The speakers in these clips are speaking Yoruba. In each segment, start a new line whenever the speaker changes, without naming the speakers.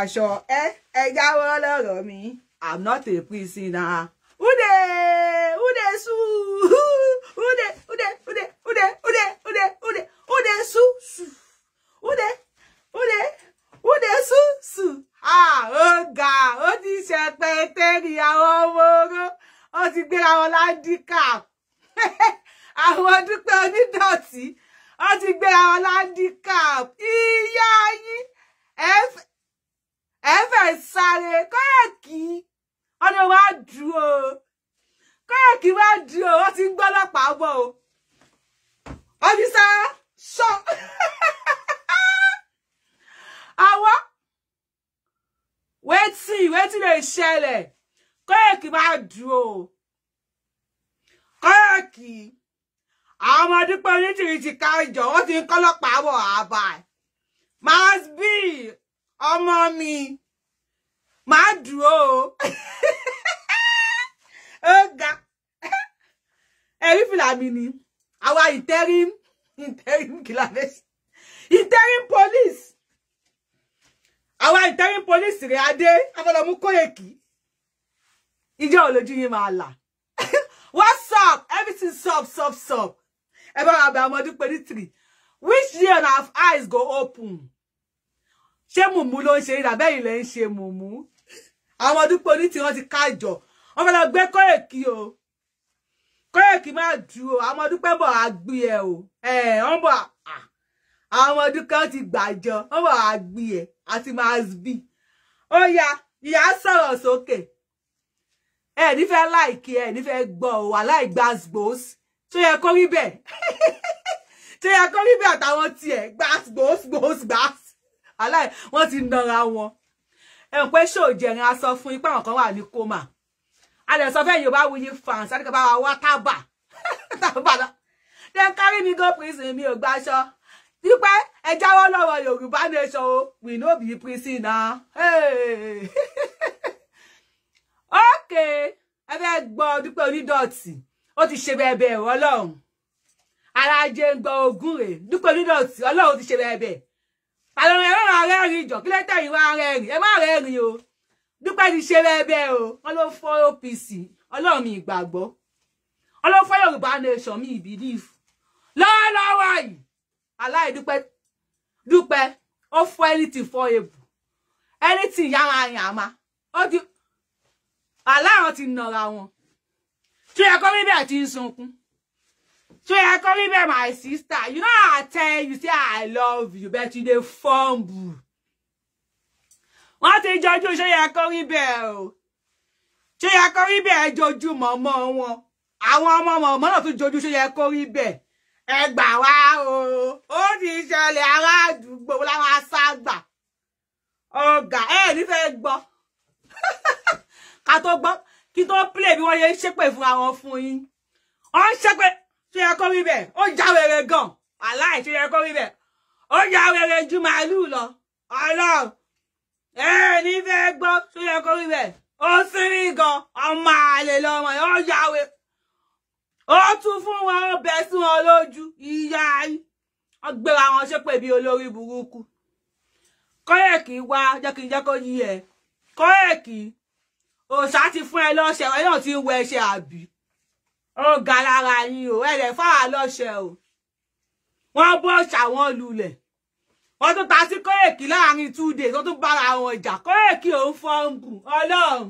aṣọ ẹ ẹ jáwọ́ lọ́rọ̀ mi i'm not a prisoner ude ude su ude ude ude ude ude ude ude ude su su ude ude ude su su ah ó ga ó ti ṣe pẹtẹrì àwọn ọmọ oró ó ti gbéra wọn ládìkà àwọn dúpẹ́ onídọ̀tí ó ti gbéra wọn ládìkà ìyá yín ẹ fẹ́ sáré kọ́yẹ̀kì ọ̀nà wa dùn o kọ́yẹ̀kì wa dùn o wọ́n ti ń gbọ́ ọlọ́pàá bọ̀ o ọ́fíìsà sọ àwọn wetin wetin lè ṣẹlẹ̀ kọ́yẹ̀kì wa dùn o kọ́yẹ̀kì àwọn ọmọ dúpẹ́ onítìrìtì ká jọ wọ́n ti ń kọ́ ọlọ́pàá bọ̀ àbá must be ọmọ mommy máa dúró o ó ga ẹ̀rí fìlà mi ni àwa interim interim kìláfẹ́sì interim police àwa interim police rẹ̀ adé afọlọ́mú kóyèkì ìjọ olójú yín máa là what's up everything sup sup sup ẹ bá wa bẹ ọmọdé pẹ̀lú three which year na our eyes go open ṣé mumu ló ń ṣe rí le lẹ́ mumu àwọn dúpọ̀ ní tí wọ́n ti ká ìjọ wọ́n fẹ́ lọ gbé kóyèkì o kóyèkì máa dù o àwọn dúpẹ́ bọ̀ á gbé ẹ o ẹ wọ́n bọ̀ àwọn dúpẹ́ ti gbàjọ wọ́n bọ̀ á gbé ẹ àti máa bì ó ya ìyá sọ̀rọ̀ sókè ẹ nífẹ̀ láìkí ẹ nífẹ̀ gbọ́ ò wà láì gbàsgbòs tó yẹ kó rí bẹ́ẹ̀ tó yẹ kó rí bẹ́ẹ̀ àtàwọn tiẹ̀ gbàsgbòs gbòs gbàs aláì wọ́n ti nara wọn ẹ̀hún pé ṣó jẹ̀rin aṣọ fún ipá àwọn kan wà ní kómà alẹ̀ sọ fẹ́ yorùbá wuyi fans àti kaba wa tábà tábà lọ dem carry me go prison mi ò gbaṣọ wípé ẹ jáwọ́ lọ́wọ́ yorùbá nation o we no be prisoner okay ẹ fẹ́ gbọ́ dúpẹ́ onídọ̀tí ó ti ṣe bẹ́ẹ̀ bẹ́ẹ̀ ọlọ́run ara jẹ́ ń gbọ́ ogún rẹ̀ dúpẹ́ onídọ̀tí ọlọ́run ti ṣe bẹ́ẹ̀ àlọ́rin ẹ̀rọ ààrẹ rìn jọ kí lẹ́tẹ̀ ìwà ààrẹ rìn ẹ má ààrẹ rìn o dúpẹ́ ti ṣe rẹ́ẹ́bẹ́ o wọ́n ló fọ́ OPC ọlọ́run mi ìgbàgbọ́ ọlọ́run fọ́ Yorùbá nation mi ìbílíf lọ́wọ́lọ́wọ́ yìí aláìdúpẹ́ dúpẹ́ ó fọ́ ẹnìtì fọ́ ebù ẹnìtì yára rìn àmà ó ti aláàrọ̀ ti nàra wọn tí ẹ̀kọ́ bíbẹ̀ ti ń sunkún so e come be my sister you know i tell you say i love you but you dey fumble wọ́n ti you? ṣé yẹ kó rí bẹ́ẹ̀ o ṣé yẹ kó rí bẹ́ẹ̀ jojú mọ̀mọ́ wọn àwọn ọmọ mọ̀mọ́ náà say jojú ṣé yẹ kó rí bẹ́ẹ̀ ẹ gbà wá o ó ti ṣẹlẹ̀ ará àdúgbò láwọn aṣáàgbà ọ̀gá ẹ nífẹ̀ẹ́ gbọ́ ká tó gbọ́ kí tó pílè bí wọ́n ṣe ń ṣépè fún àwọn fún yín wọ́n ń ṣépè tó yẹ kó rí bẹ́ẹ̀ ó já wèrè gan aláì tó yẹ kó rí bẹ́ẹ̀ ó já wèrè ju màálùú lọ Ọlọ́run ẹ ní fẹ́ gbọ́ tó yẹ kó rí bẹ́ẹ̀ ó sinmi gan ọmọ àlè lọmọ ó já wèrè ó tún fún wọn ó bẹ sí wọn lójú ìyá yìí ó gbéra wọn ṣépè bí olórí burúkú kọ́yẹ̀kì wá jẹ́ kí n jẹ́ kó yí ẹ kọ́yẹ̀kì òòṣà ti fún ẹ lọ́ṣẹ̀ ẹ náà ti ń wọ ẹṣẹ àbí ó ga lára yín o ẹ̀rẹ̀ fáwa lọ́ṣẹ̀ o wọ́n bọ́ ṣàwọn lulẹ̀ wọ́n tún ta sí kóyèkì láàrin two days wọ́n tún bára àwọn ìjà kóyèkì òun fọ́ǹbù ọlọ́run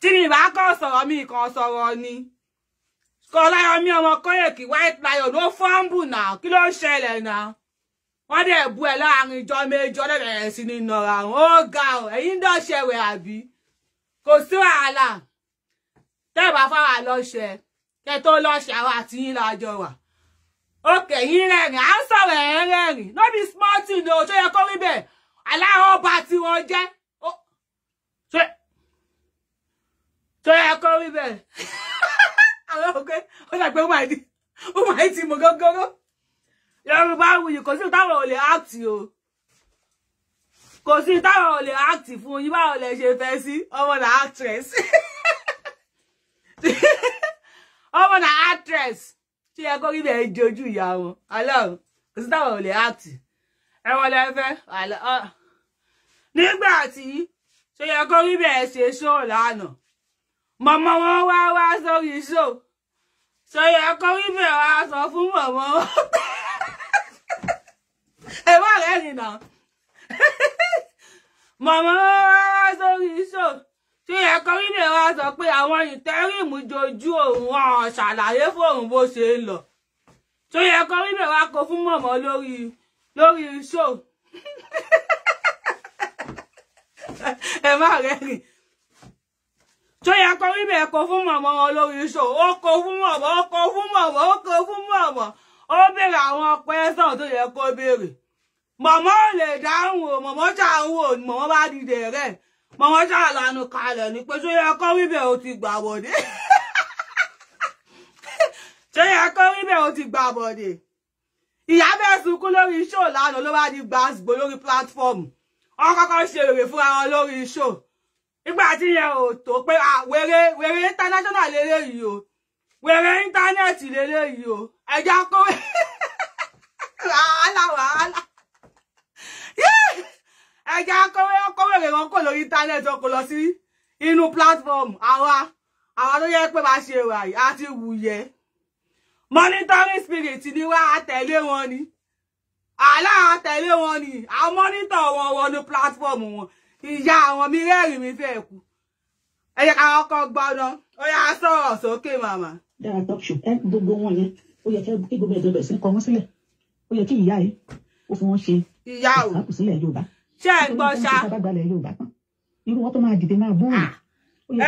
tí mi bá kọ́ sọ̀rọ̀ mi kàn sọ̀rọ̀ ni kọláyọmí ọmọ kóyèkì white lion ló fọ́ǹbù náà kí ló ń ṣẹlẹ̀ náà wọ́n dẹ̀ bu ẹ̀ láàrin ìjọ méjì ọdẹ bẹ̀rẹ̀ sí ni nọ̀ra àwọn ó ga ọ ẹ̀yìn dọ̀ṣẹ̀wẹ̀ àbí kò sí wàhálà tẹ́ẹ̀bà fáwa lọ́ṣẹ̀ kẹ tó lọ́ṣẹ̀ àwọn àti yín lájọ wà òkè yín rẹ̀rìn à ń sọ̀rọ̀ ẹ̀ rẹ̀rìn no be small thing o tó yẹ kó rí bẹ́ẹ̀ aláwọ̀ ọba tí wọ́n jẹ́ tó yẹ kó rí bẹ́ẹ̀ àwọn òkè ó dàgbé ó máa di ó máa ti mọ̀ gógóró yorùbá wuyì kò sí táwọn ò lè act o kò sí táwọn ò lè act fún yín báwo lè ṣe fẹ́ sí ọmọ là actress. stress ṣé ẹ kó kíbẹ̀ jojú ìyá wọn ọlọ́run kò sí táwọn ò lè act ẹ wọ́n lẹ fẹ́ nígbà tí ṣé ẹ kó kíbẹ̀ ṣe ṣó lánàá mọ̀mọ́ wọn wá wá sórí So ṣé ẹ kó be wá sọ fún mama. wọn ẹ wá rẹ́rìn náà mọ̀mọ́ wọn wá wá sórí ṣó tí ẹkọrìnà wa sọ pé àwọn ìtẹrìmù jojú òun hàn ṣàlàyé fóun bó ṣe ń lọ tó yẹ kọrìnà wa kó fún mọ̀mọ́ lórí lórí ṣó ẹ má rẹ́rìn tó yẹ kọrìnà ẹ kó fún mọ̀mọ́ wọn lórí ṣó ó kó fún mọ̀mọ́ ó kó fún mọ̀mọ́ ó kó fún mọ̀mọ́ ó béèrè àwọn pẹ́sàn tó yẹ kó béèrè mọ̀mọ́ ò lè dáhùn o mọ̀mọ́ ṣàhùn o mọ̀mọ́ bá dìde rẹ̀ mọ wọn ṣàlànà kalẹ̀ ni pé ṣé yẹ kọ́ wíbẹ̀ o ti gbà bọ̀dé ṣé yẹ kọ́ wíbẹ̀ o ti gbà bọ̀dé ìyá bẹ́ẹ̀ sunkún lórí ṣó lánàá ló bá di gbàsgbò lórí platform wọn kọ́kọ́ ṣe èrè fúnra wọn lórí ṣó nígbà tí yẹn ò tó pé wèrè wèrè international lélẹ́yìí o wèrè íńtánẹ́ẹ̀tì lélẹ́yìí o ẹ̀já kó wàhálà wàhálà ẹja akọwé ọkọwé rẹ̀ wọn kò lórí íńtánẹ́ẹ̀tì ọkọ̀ lọ sí inú platform àwa àwa tó yẹ pé bá ṣe wà yìí á ti monitoring spirit ni wá àtẹ̀lé wọn ni àlá àtẹ̀lé wọn ni a monitor wọn wọnú platform wọn ìyá àwọn mi rẹ́rìn mi fẹ́ kú ẹ jẹ́ ká kọ́kọ́ gbọ́nà ó yá sọ̀rọ̀ sókè màmá.
dára talk show ẹ gbogbo wọn yẹn ó yẹ kí gbogbo ẹjọ bẹ̀rẹ̀ sí kọ wọn sílẹ̀ ó yẹ kí ìyá yìí ó fi wọn ṣe ìyá òkú sílẹ̀ Yorùbá
ṣé ẹ gbọ́ ṣá.
irú wọn tó máa dìde máa bóun.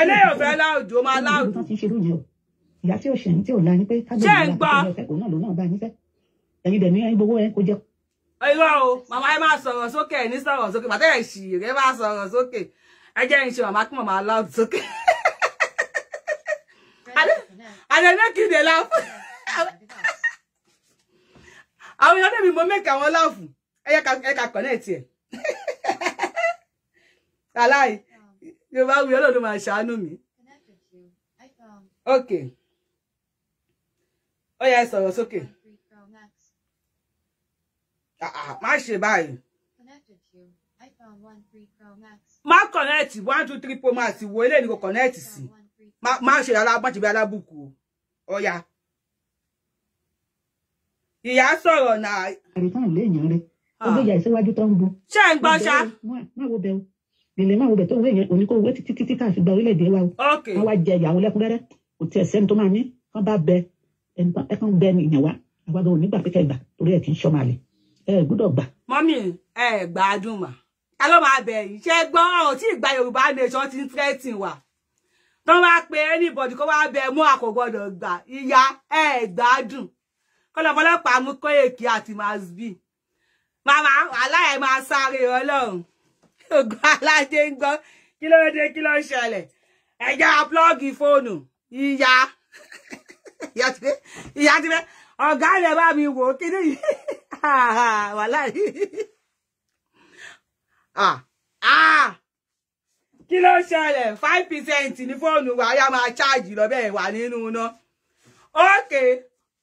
eléyò fẹ́ láòdù ó máa láòdù. ìyá tí ò ṣẹ̀yìn tí ò la ni pé kájọ̀ọ́ ìyá àti ẹ̀fẹ́ kò náà ló náà bá nífẹ̀ẹ́ ẹ̀yin dẹ̀ ní ẹ̀yin gbowó ẹ̀ kó jẹ́
irọ́ o màmá ẹ máa sọ̀rọ̀ sókè ẹ̀ ní sọ̀rọ̀ sókè màtẹ́ ẹ̀ sì rẹ̀ máa sọ̀rọ̀ sókè ẹ jẹ́ ìṣe màmá kí màmá láwù sókè. àlẹ́ náà kì í dé láàfù. àwọn èèyàn náà mi mo mẹ́kà wọn láàfù ẹ yẹ ká kọ̀ náà tiẹ̀. aláì yorùbá wí ọlọ́run máa ṣàánú mi. ok ó yá sọ̀rọ̀ maa se baa yi. ma kọ̀nẹ́ẹ̀tì one two three pro max wo eléyìí kò kọ̀nẹ́ẹ̀tì sí má maa se alábùkù ó yá. ìyá sọ̀rọ̀ náà.
ẹ̀rí táwọn lè yàn ó gbé ìyá
ìsíwájú tó ń bu. ṣé ẹ ń gbọ́ ṣá.
má wo bẹ́ẹ̀ o lèlè má wo bẹ́ẹ̀ tó ń wé yẹn òní kó wé títí títí tá a fi gba orílẹ̀-èdè wa o. wọ́n wá jẹ ìyàwó lẹ́kúnrẹ́rẹ́ kò tiẹ̀ sẹ́ni tó máa ní wọ́n bá bẹ ẹ̀kan bẹ ìyàn wa àwa onígbà pé kẹgbà torí ẹ̀ kì í ṣọmọ àlè ẹ gbọ́dọ̀ gbà.
mọ́mí ẹ gbádùn mà ẹ ló máa bẹ̀ yìí ṣe gbọ́n ọ̀rọ̀ tí ìgbà Yorùbá nation ti ń tẹ́tì wà tó wá pé anybody kó wá bẹ mú àkó gbọ́dọ̀ gbà ìyá ẹ gbádùn kọ́lọ́fọ́lọ́pàá mú kóyèkì àti mazbi Mama, màmá aláì máa sáré ọlọ́run ògùn aládé kilo gbọ́ kí ló dé kí ló phone. ẹ̀jẹ̀ plọ́ọ̀gì fóònù ìyá ìyá ti fẹ́ ọ̀gá rẹ̀ bá mi wò ó ha. ni wàhálà Ah kí ló ṣẹlẹ̀ five percent ní fóònù wa yá máa ṣáàjì lọ bẹ́ẹ̀ wà nínú iná ókè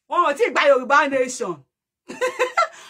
wọn ò tí ì gba Yorùbá nation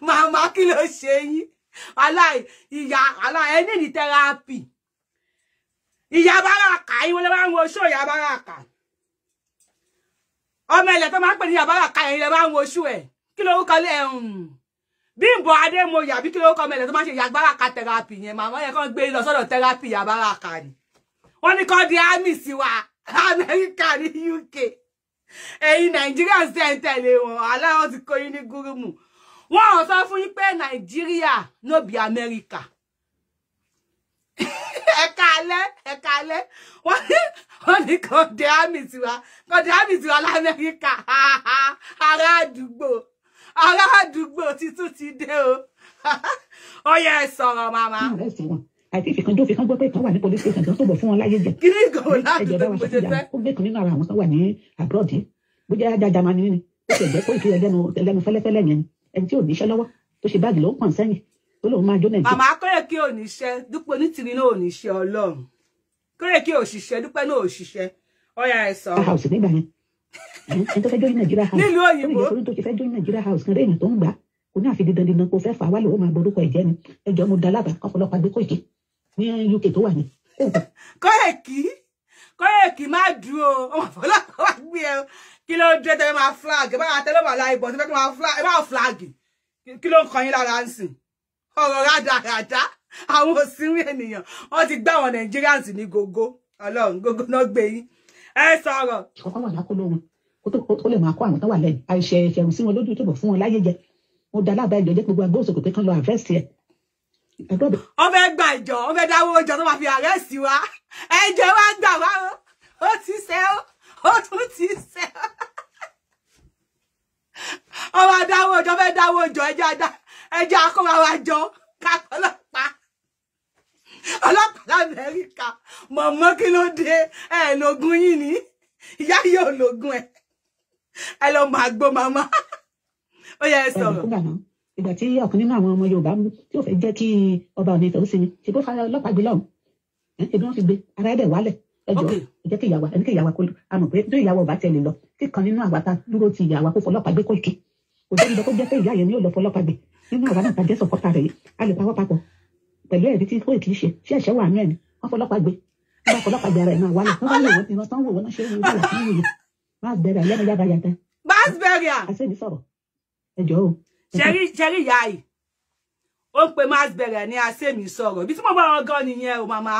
màmá kí ló ṣe yín aláì ìyá aláì ẹni ní tẹrápì ìyá báràkà yín wọn lè máa ń wo ṣó ìyá báràkà ọmọ ilẹ̀ tó máa ń pè ní ìyá báràkà yẹn lè máa ń wo ṣó ẹ̀ kí ló kọ́ lé ẹ̀hún Bímbọ́ Adémoyè àbí kí ló kọ́ ọmọ ilẹ̀ tó máa ń ṣe ìyá báràkà tẹrápì yẹn màmá yẹn kàn gbé lọ sọ́dọ̀ tẹrápì ìyá báràkà ni wọ́n ní kọ́ di army sí wa Amẹ́ríkà ní UK ẹ̀yin Nàìjíríà ń tẹ̀lé wọn aláwọ̀ ti kó yín ní gúrùmù wọ́n àwọn sọ fún yín pé nàìjíríà no be amẹ́ríkà ẹ̀ka alẹ́ ẹ̀ka alẹ́ wọ́n ní kọ́ńdé àmì tiwa kọ́ńdé àmì tiwa lamẹ́ríkà ará àdúgbò ará àdúgbò títún ti dé o ó yẹ sọ̀rọ̀ màmá àti
ìfikànjọ́ fi kán gbọ́ pé kan wà ní police station kan tó bọ̀ fún wọn láyé jẹ. kíni gòwò
láti tó gbèsè fẹ́.
ó gbé kan nínú ara àwọn tó wà ní abroad bó jẹ́ ajá jamani ni ó sì jẹ́ pé ìkírẹ̀ lẹ́nu fẹ́lẹ́fẹ́lẹ́ yẹn ni ẹni tí ò níṣẹ́ lọ́wọ́ tó ṣe báàgì ló ń pọ̀n sẹ́yìn tó lóun máa jó nàìjíríà. màmá
Kórékì ò níṣẹ́ Dúpẹ́ Onítìrí náà ò níṣẹ́ Ọlọ́run Kórékì òṣìṣẹ́ Dúpẹ́ náà òṣìṣẹ́ ọ̀yà ẹ̀ sọ. house nígbà
yẹn ẹni tó fẹ́ join Nigeria house nílùú òyìnbó torí tó ṣe fẹ́ join Nigeria house kan réèyàn tó ń gbà kò ní àfi dandan dandan kò fẹ́ fà á wálé ó máa borúkọ ìjẹ́ ni ẹjọ́ mo da lábàá ọ̀pọ̀lọpọ̀ àgbékòyè ní UK tó wà ní.
Kórékì kóyèkì má dùn o ọmọ àfọlọ́pàá wá gbé ẹ kí ló dé tẹ́ máa flag báwa tẹ́lọ́mà láì bọ̀ tẹ́fẹ́ kí máa flag ẹ máa flag kí ló ń kọ yín lára ń sìn ọ̀rọ̀ rádaràdá àwọn òsínú ènìyàn wọ́n ti gbá àwọn Nigerians ní gógó ọlọ́run Gogo náà gbé yín ẹ sọ̀rọ̀. ìkọ́kọ́ wà lákó lóhun ó lè máa kó àwọn tó wà lẹ́yìn àìṣe ìfẹ̀rù sí wọn lójú tó bọ̀ fún wọn láyé jẹ
mo dá lábàá ìjọ jẹ́ gbogbo agbóhùnsókò pé kán lọ àfẹ́sì ẹ̀. wọ́n
fẹ́ gba ìjọ wọ́n fẹ́ dáwọ́ ìjọ tó máa fi àrẹ́sì wa ẹjọ́ wa gbà wá o ó ti ṣe ó ó tún ti ṣe ó ọmọ adáwọ ọjọ́ fẹẹ dáwọ ọjọ́ ẹjọ́ adá ẹjọ́ akọwà wa jọ kápọlọpàá ọlọ́pàá lamẹríkà mọmọ kí ló dé ẹ lógún yìí ni ìyá yóò lógún ẹ ẹ lọ máa gbó màmá ó yẹ ẹ sọ̀rọ̀
ìgbà tí ọ̀kan nínú àwọn ọmọ Yorùbá tí ò fẹ́ jẹ́ kí ọba ọ̀nà ó sinmi ṣe bó fara ọlọ́pàá gbé lọ́hùn ebi wọn fi gbé ara ẹdẹ wálẹ̀ ẹjọ ìjẹ kí ìyàwó ẹni kí ìyàwó kó àmọ́ pé tó ìyàwó bá tẹ́lẹ̀ lọ kí kan nínú àwa ta dúró ti ìyàwó kó fọlọ́pàá gbé kó tú kò sẹ́ni lọ kó jẹ́ pé ìyá yẹn ni yóò lọ fọlọ́pàá gbé nínú àwa náà ta jẹ́ sọ̀kọ́ta rẹ̀ yìí a lè pawọ́ papọ̀ pẹ̀lú ẹ̀rí tí kò kì í ṣe ṣé ẹ̀ṣẹ̀ wà nú ẹ̀ ni wọ́n fọlọ́pàá gbé wọ́n fọlọ́pàá gbé ara ẹ̀ náà wálẹ̀ wọ́n bá lè wọ́n é wọ́n wà nínú
yìí mass burial lẹ́nu yàrá yàtá. mass o. ṣẹ́rí ṣẹ́rí ìyá yìí ó ń pe mass burial ní àṣẹ́mi sọ̀rọ̀ ibi tí mo bá wọn gan nìyẹn o màmá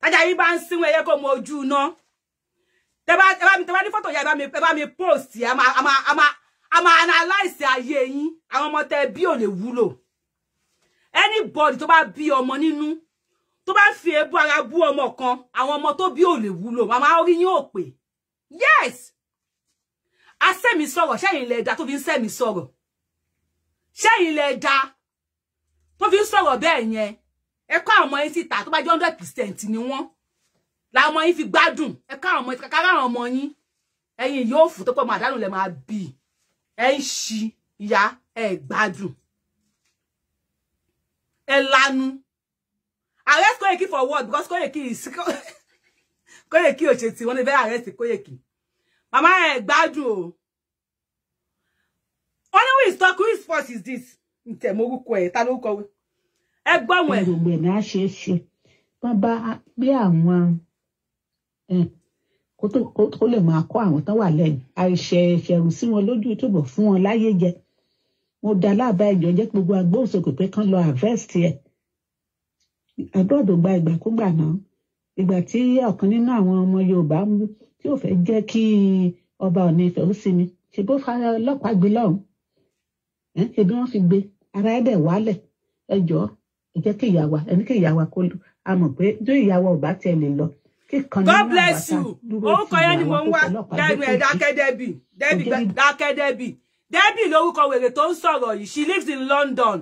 tájà yín bá ń sínwó ẹyẹ kó mọ ojú iná tẹ bá tẹ bá mi tẹ bá ní fọ́tò yà ẹ bá mi post a ma a máa a máa a máa analyse ayé yín àwọn ọmọ tẹ bí anybody tó bá bí ọmọ nínú tó bá fi ebu ara bú ọmọ kan àwọn ọmọ tó bí ò lè wúlò màmá orí yín ò pè yes a sẹ́mi sọ̀rọ̀ sẹ́yìn ilẹ̀ ẹ̀dá tó fi ń sẹ́mi sọ̀rọ̀ sẹ́yìn ilẹ̀ ẹ̀dá tó fi ń sọ̀rọ̀ bẹ́ẹ̀ ẹ kọ́ àwọn ọmọ yín síta tó bá jẹ́ hundred percent ni wọ́n làwọn ọmọ yín fi gbádùn ẹ kọ́ àwọn ọmọ yín kàkà àwọn ọmọ yín ẹ̀yin yóò fún tó pọ̀ mọ́ àdánù lẹ́ máa bì ẹ ń ṣi ìyá ẹ gbádùn ẹ lanu arrest Koyeki for what because Koyeki is Koyeki ò ṣe tí wọ́n lè fẹ́ arrest Koyeki màmá ẹ gbádùn o only way is talk whose fault is this ntẹ̀ mo rúkọ ẹ̀ ta ló rúkọ wẹ́ ẹ gbọ́ wọn. gbogbo ẹ̀ náà ṣe é ṣe
wọ́n bá gbé àwọn kó lè máa kọ́ àwọn tán wà lẹ́yìn àìṣe ìṣẹ̀rù sí wọn lójú túbọ̀ fún wọn láyé jẹ mo dá láàbá ẹjọ jẹ́ gbogbo agbóhùnsókè pé kán lọ harvest ẹ̀ àdúràdò gba ìgbàkúgbà náà ìgbà tí ọ̀kan nínú àwọn ọmọ Yorùbá tí ò fẹ́ jẹ́ kí ọba ọ̀nà Ifẹ̀ ó sinmi ṣe bó fa ọlọ́pàá gbé lọ́hùn-ún ṣe bí wọ́n fi gbé ara ẹ̀ dẹ̀ wálẹ̀ ẹjọ́ jẹ́ kí ìyá wa ẹni kí ìyá wa kó
a mọ̀ pé tó ìyá wa ò bá tiẹ̀ lè lọ God bless you. Orúkọ yẹn ni mo ń wá. dákẹ́ Dẹ́bi. Dẹ́bi lórúkọ wèrè tó ń sọ̀rọ̀ yìí. She lives in London.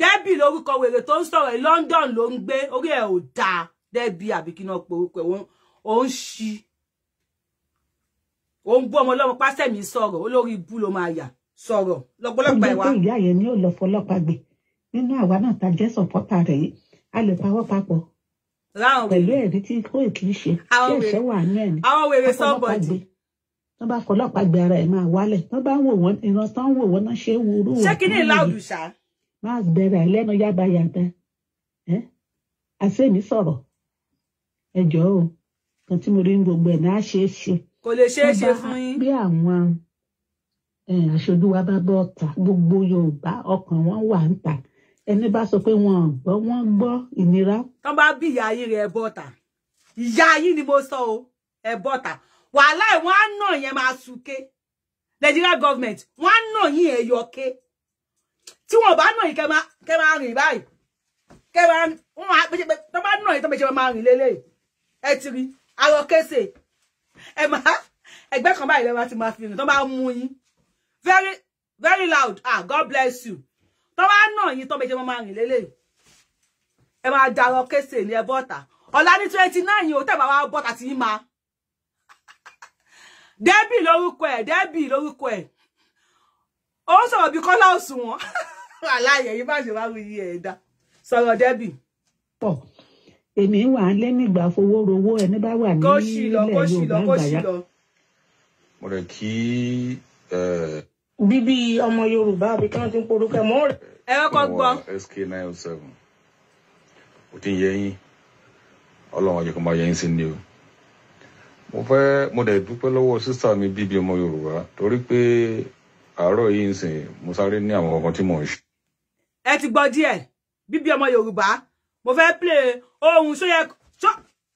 Dẹ́bi lórúkọ wèrè tó ń sọ̀rọ̀ yìí. London ló ń gbé. Orí ẹ̀ ò dáa. Dẹ́bi àbí kí náà porúkọ ẹ̀ ó ń ṣí. Ó ń bú ọmọ ọlọ́mọ pásẹ̀ mi sọ̀rọ̀. Olórí ibú ló máa yà sọ̀rọ̀. Lọ́pọ̀lọpọ̀ ẹ̀ wá. Ó jẹ́ pé
ìyá yẹn ni ó gbé nínú àwa náà ta jẹ́ sọ̀pọ́tà rẹ̀ yìí a lè pawọ́ papọ̀ pẹ̀lú ẹ̀rí tí kò kì í ṣe tí ẹ̀ṣẹ̀ wà ní ẹ̀mí
akọlọ́pàá gbé
tó bá kọlọ́pàá gbé ara ẹ̀ máa wálẹ̀ tó bá wò wọ́n ìran tán wò wọ́n náà ṣe é wúrú wọ́n. ṣé kí ni láàdù ṣá. má bẹ̀rẹ̀ lẹ́nu yábayàbẹ ẹ́ àṣẹ́mi sọ̀rọ̀ ẹ jọ̀ọ́ o kan tí mo rí gbogbo ẹ̀ náà ṣe é ṣe.
kò lè ṣe é ṣe
fún yín. bí àwọn aṣojú wa bá bọ́ ọ̀tà gbogbo Yorùbá ọkàn wọn wà ń ta ẹni bá sọ pé wọn ò gbọ́ wọ́n gbọ́ ìnira.
tó bá bí ìyá yín rẹ ẹ bọ́ta ìyá yín ni mo sọ o ẹ bọ́ta wàhálà ìwọ̀n á nà yẹn máa súnké Nigeria government wọ́n á nà yín ẹ yọké tí wọn bá nà yín kẹ máa rìn báyìí kẹ máa wọn máa pèsè pé tó bá nà yín tó pèsè máa rìn lélẹ̀ ẹ ti rí arọ kése ẹ máa ẹgbẹ́ kan báyìí lẹ máa ti máa fi rìn tó bá mú yín very very loud ah God bless you tó bá nà yín tó méje máa rìn lélẹ́yìn ẹ máa darọ kése ní ẹbọ ọ̀tà ọ̀la ní twenty nine yìí ó tẹ̀bà wá bọ́ta tí yín máa débì lórúkọ ẹ̀ débì lórúkọ ẹ̀ ó sọ̀rọ̀ bí kọ́lá òṣùwọ̀n aláyẹ̀ yìí bá ṣe wá rí iye ẹ̀dá sọ̀rọ̀ débì. pọ̀
èmi wà á lé nígbà fowó rowó ẹni bá wà ní ilẹ̀ Yorùbá gbàyà. mo rẹ̀ kí bíbí ọmọ yorùbá àbí kí wọn ti
ń porúkọ mọ rẹ. ẹ
kọ́ gbọ́. sk nine oh seven ó ti ń yẹ yín ọlọ́run ọjọ́ kan máa yẹ yín sí ni o mo fẹ́ mo dẹ̀ dúpẹ́ lọ́wọ́ sísá mi bíbí ọmọ yorùbá torí pé àárọ̀ yìí ń sìn mo sáré ní àwọn kankan tí mò ń ṣe.
ẹ ti gbọ́ díẹ̀ bíbí ọmọ yorùbá mo fẹ́ pè ohun sóyẹ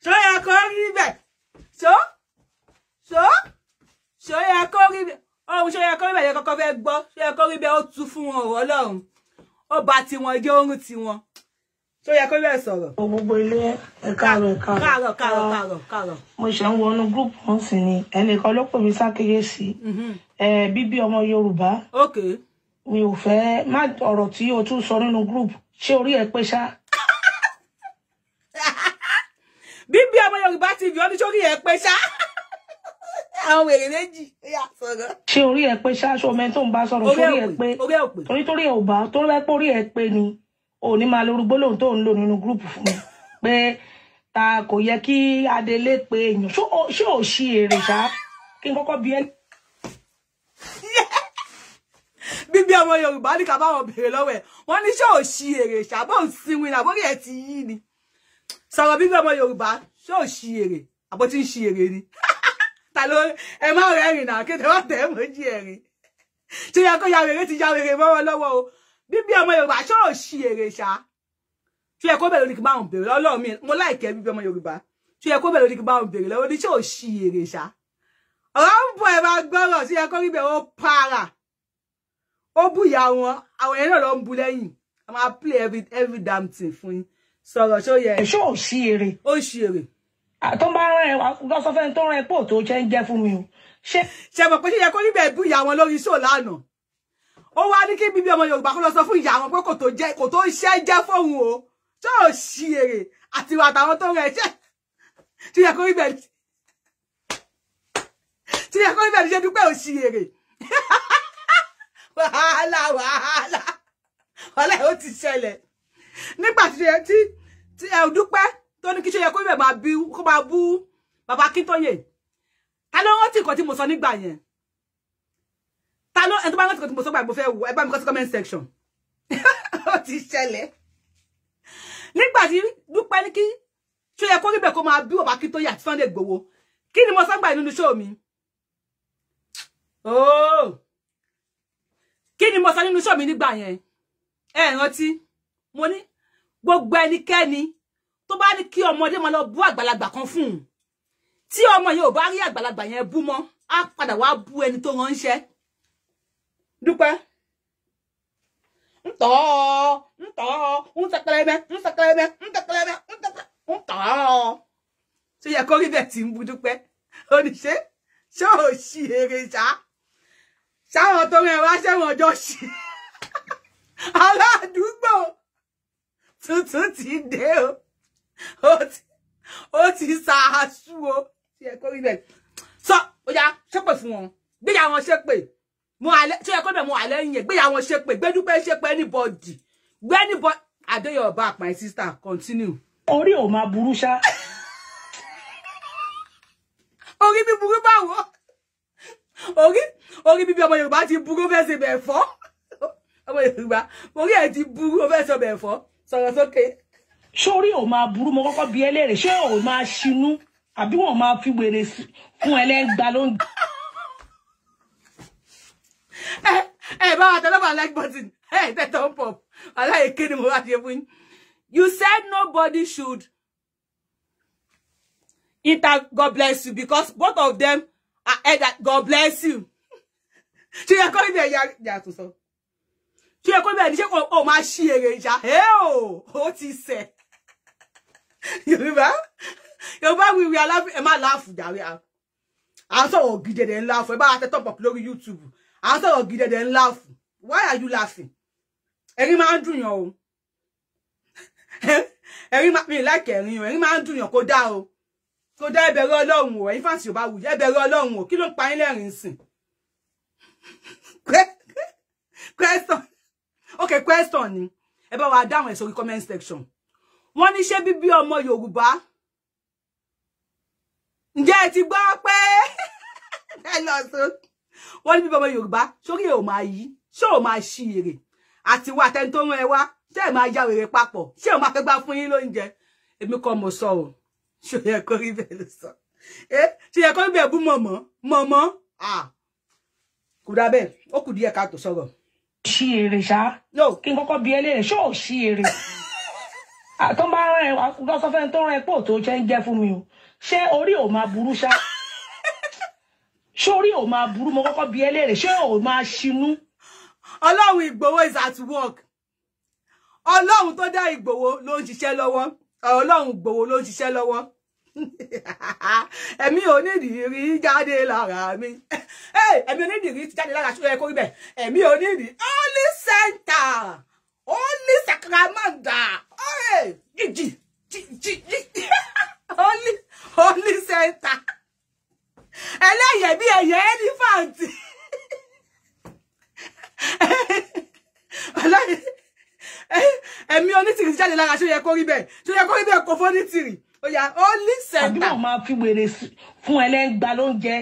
sóyẹ kó rí bẹ́ẹ̀ so so sóyẹ kó rí bẹ́ẹ̀ ohun ṣe yẹ kó rí bẹ̀rẹ̀ kọ́kọ́ fẹ́ gbọ́ ṣe yẹ kó rí bẹ́ẹ̀ ó tu fún wọn ọlọ́run ó ba tiwọn jẹ́ orun tiwọn tó yẹ kó lè sọ̀rọ̀. gbogbo ilé ẹ káàárọ̀ káàárọ̀ káàárọ̀ káàárọ̀ ah, káàárọ̀. mo ṣe ń wọnú gúrúùpù wọn sì ni ẹnìkan
ló pè mí sákèyèsí mm-hmm. bíbí ọmọ yorùbá mi ò fẹ́
má ọ̀rọ̀ tí o tún sọ nínú gúrúùpù ṣé orí ẹ pé ṣá. bíbí ọmọ yorùbá ti fi ọdún sórí ẹ pé ṣá àwọn wèrè méjì sọ̀rọ̀. ṣé orí ẹ pé ṣáṣọ ọmọ ẹ tó ń bá sọ̀rọ̀ sórí ẹ pé torí torí ẹ ò bá tó lẹ pé orí ẹ pé ni òní máa lórí gbólóhùn tó ń lò nínú gúrúùpù fún mi pé ta kò yẹ kí adelé pé èèyàn ṣé ò ṣí èrè ṣá kí n kọ́kọ́ bí ẹ. bíbí ọmọ yorùbá ní ká báwọn béèrè lọ́wọ́ ẹ̀ wọ́n ní ṣé ò ṣí èrè ṣá bó ń sinmi ní àbórí ẹ̀ ti yí ni sọ̀rọ̀ bíbí ọmọ yorùbá ṣé ò ṣí èrè àbó ń ṣí èrè ni ta ló ẹ má rẹ́rìn náà kéde wọ́n tẹ̀ mọ́jì ẹ̀rìn ṣé yẹ kó ya wèrè ti ya wèrè mọ́wọ́ lọ́wọ́ o bíbí ọmọ yorùbá ṣé ò ṣì èrè ṣá ṣé yẹ kó bẹ̀rẹ̀ oníkì báwọn bèrè lọ́lọ́ mi mo láìkẹ́ bíbí ọmọ yorùbá ṣé yẹ kó bẹ̀rẹ̀ oníkì báwọn bèrè lọ́wọ́ ní ṣé ò ṣì èrè ṣá ọ̀rọ̀ ń bọ̀ ẹ̀ máa gbọ́rọ̀ ṣé yẹ kó rí be ó para ó bùyà wọn àwọn yẹn náà lọ ń bu lẹ́yìn a máa play every every damn thing fún yín sọ̀rọ̀ ṣó yẹ. ẹ̀ṣọ́ ò ṣí eré. ó ṣí eré tó ń bá rán ẹ lọ́sọ̀fẹ́ tó rán ẹ pò tó jẹ́ ń jẹ́ fún mi o. ṣé ṣe mọ̀ pé ṣe yẹ kó níbẹ̀ bú ìyá wọn lórí ṣó lánàá ó wá ní kí bíbí ọmọ yorùbá kó lọ sọ fún ìyá wọn pé kò tó jẹ kò tó iṣẹ́ jẹ́ fóun o tó ò ṣì èrè àti ìwà àtàwọn tó rẹ ṣe tí yẹ kó níbẹ̀ tí yẹ kó níbẹ̀ ṣe dúpẹ́ ò ṣì èrè wàhálà wàhálà wàhálà ó ti ṣẹlẹ̀ nígbà tí ẹ dúpẹ́ tó ní kí ṣe yẹ kó ibẹ̀ máa bú kó máa bú bàbá Akíntóyè ta ló rántí nǹkan tí mo sọ nígbà yẹn ta ló ẹni tó bá rántí nǹkan tí mo sọ gbà mo fẹ́ wò ẹ bá mi kọ́ sí comment section ó ti ṣẹlẹ̀ nígbà tí Dúpẹ́ ní kí ṣe yẹ kó ibẹ̀ kó máa bú bàbá Akíntóyè àti Sunday Igboho kí ni mo sọ gbà nínú show mi oh kí ni mo sọ nínú show mi nígbà yẹn ẹ rántí mo ní gbogbo ẹnikẹ́ni tó bá ní kí ọmọdé máa lọ bú àgbàlagbà kan fún un tí ọmọ yẹn ò bá rí àgbàlagbà yẹn bú mọ́ á padà wá bú ẹni tó ránṣẹ́ dúpẹ́ ntọ́ ntọ́ ń sẹkẹrẹbẹ ń sẹkẹrẹbẹ ń sẹkẹrẹbẹ ń sẹkẹrẹbẹ ń tọ́ ṣé yẹ kó rí bẹ́ẹ̀ tí ń bú dúpẹ́ oníṣẹ́ ṣé ò ṣì èrè ṣá ṣáwọn tó rẹ wá ṣẹ́wọ̀n ọjọ́ ṣì aládùúgbò tuntun ti dé o. ó ti ṣááṣú o ṣe ẹ̀kọ́ rí bẹ́ẹ̀ sọ ó yá ṣépè fún wọn gbéyà wọn ṣépè mo alẹ́ ṣé ẹ̀kọ́ bẹ̀ mo alẹ́ yẹn gbéyà wọn ṣépè gbẹ́dúpẹ́ ṣépè anybody gbé anybody adéyọ̀ back my sister continue. orí ò máa burú ṣá. orí mi burú báwo orí orí bíbí ọmọ yorùbá ti burú fẹ́ ṣe bẹ̀ fọ́ ọmọ yorùbá orí ẹ̀ ti burú fẹ́ ṣe bẹ̀ So sọ̀rọ̀ okay sórí ò máa burú mo kọ́kọ́ bi ẹlẹ́rìí ṣé ò máa ṣinú àbí wọn máa fi wèrè fún ẹlẹ́gba ló ń. ẹ ẹ bá wa tọ́lọ́ máa like button ẹ ẹ tẹ́ tọ́ pọ̀ aláyè kí ni mo wá ṣe fún yín. you said nobody should inter God bless you because both of them are head God bless you. ṣé yẹ kó ní bẹ́ẹ̀ yà tó sọ ṣé yẹ kó ní bẹ́ẹ̀ ní ṣé kó o máa ṣí èrè ìjà ẹ ò oh, ti sẹ̀ we we wíwí aláfi ẹ má láàfù jàre à à ń sọ̀rọ̀ gidẹ̀dẹ̀ then laugh. ẹ at the top of lórí youtube I saw sọ̀rọ̀ gidẹ̀dẹ̀ ńlá fún why are you laughing ẹ̀rín máa ń dùn yàn o ẹ̀rín máa mi láìkẹ̀ ẹ̀rín o ẹ̀rín máa ń o kó dá ẹbẹ̀rẹ̀ o ẹ̀yin fàǹsì yorùbá wùyí ẹbẹ̀rẹ̀ ọlọ́run o kí pa yín lẹ́rìn question okay question ni ẹ bá wa dáhùn ẹ̀ sórí comment section wọ́n ní ṣé bíbí ọmọ Yorùbá ǹjẹ́ ẹ ti gbọ́ pé ẹ lọ so wọ́n ní bíbí ọmọ Yorùbá sórí ẹ ò máa yí ṣé ò máa ṣí èrè àti wà tẹni tó rán ẹ wá ṣé ẹ máa ya wèrè papọ̀ ṣé ò máa fẹ́ gbá fún yín lóúnjẹ èmi kọ́ mo sọ o ṣò yẹ kó rí bẹ́ẹ̀ ló sọ ṣò yẹ kó rí bẹ́ẹ̀ bú mọ̀mọ́ mọ̀mọ́ kò dá bẹ́ẹ̀ ó kù díẹ̀ ká tó sọ̀rọ̀. ṣí èrè ṣá kí n kọ́kọ́ bí ẹlẹ́rìí ṣó ò ṣí èrè. Ah, tó bá rán ẹ lọ́sọ́fẹ́ tó rán ẹ pò tó jẹ́ ń jẹ́ fún mi o ṣé orí ò máa burú ṣá ṣé orí ò máa burú mo kọ́kọ́ bi ẹlẹ́rìí ṣé ò máa ṣinú. ọlọ́run ìgbòho is at work ọlọ́run tó dá ìgbòho ló ń ṣiṣẹ́ lọ́wọ́ ọlọ́run ìgbòho ló ń ṣiṣẹ́ lọ́wọ́ ẹ̀mí onídìrí jáde lára mi ẹ̀mí onídìrí jáde lára ṣó yẹ kó onídìrí only center ó ní sàkàràmàǹdà jìjì jìjì ó ní sẹ́ńtà ẹlẹ́yẹ̀ bí ẹ̀yẹ ẹ́lífàǹtì ẹ̀mí onítìrì jáde lára ṣó yẹ kó rí bẹ́ẹ̀ ṣó yẹ kó rí bẹ́ẹ̀ kó fónítìrì ó yà ó ní àbí wọn máa fi wèrè fún ẹlẹ́gbà lóúnjẹ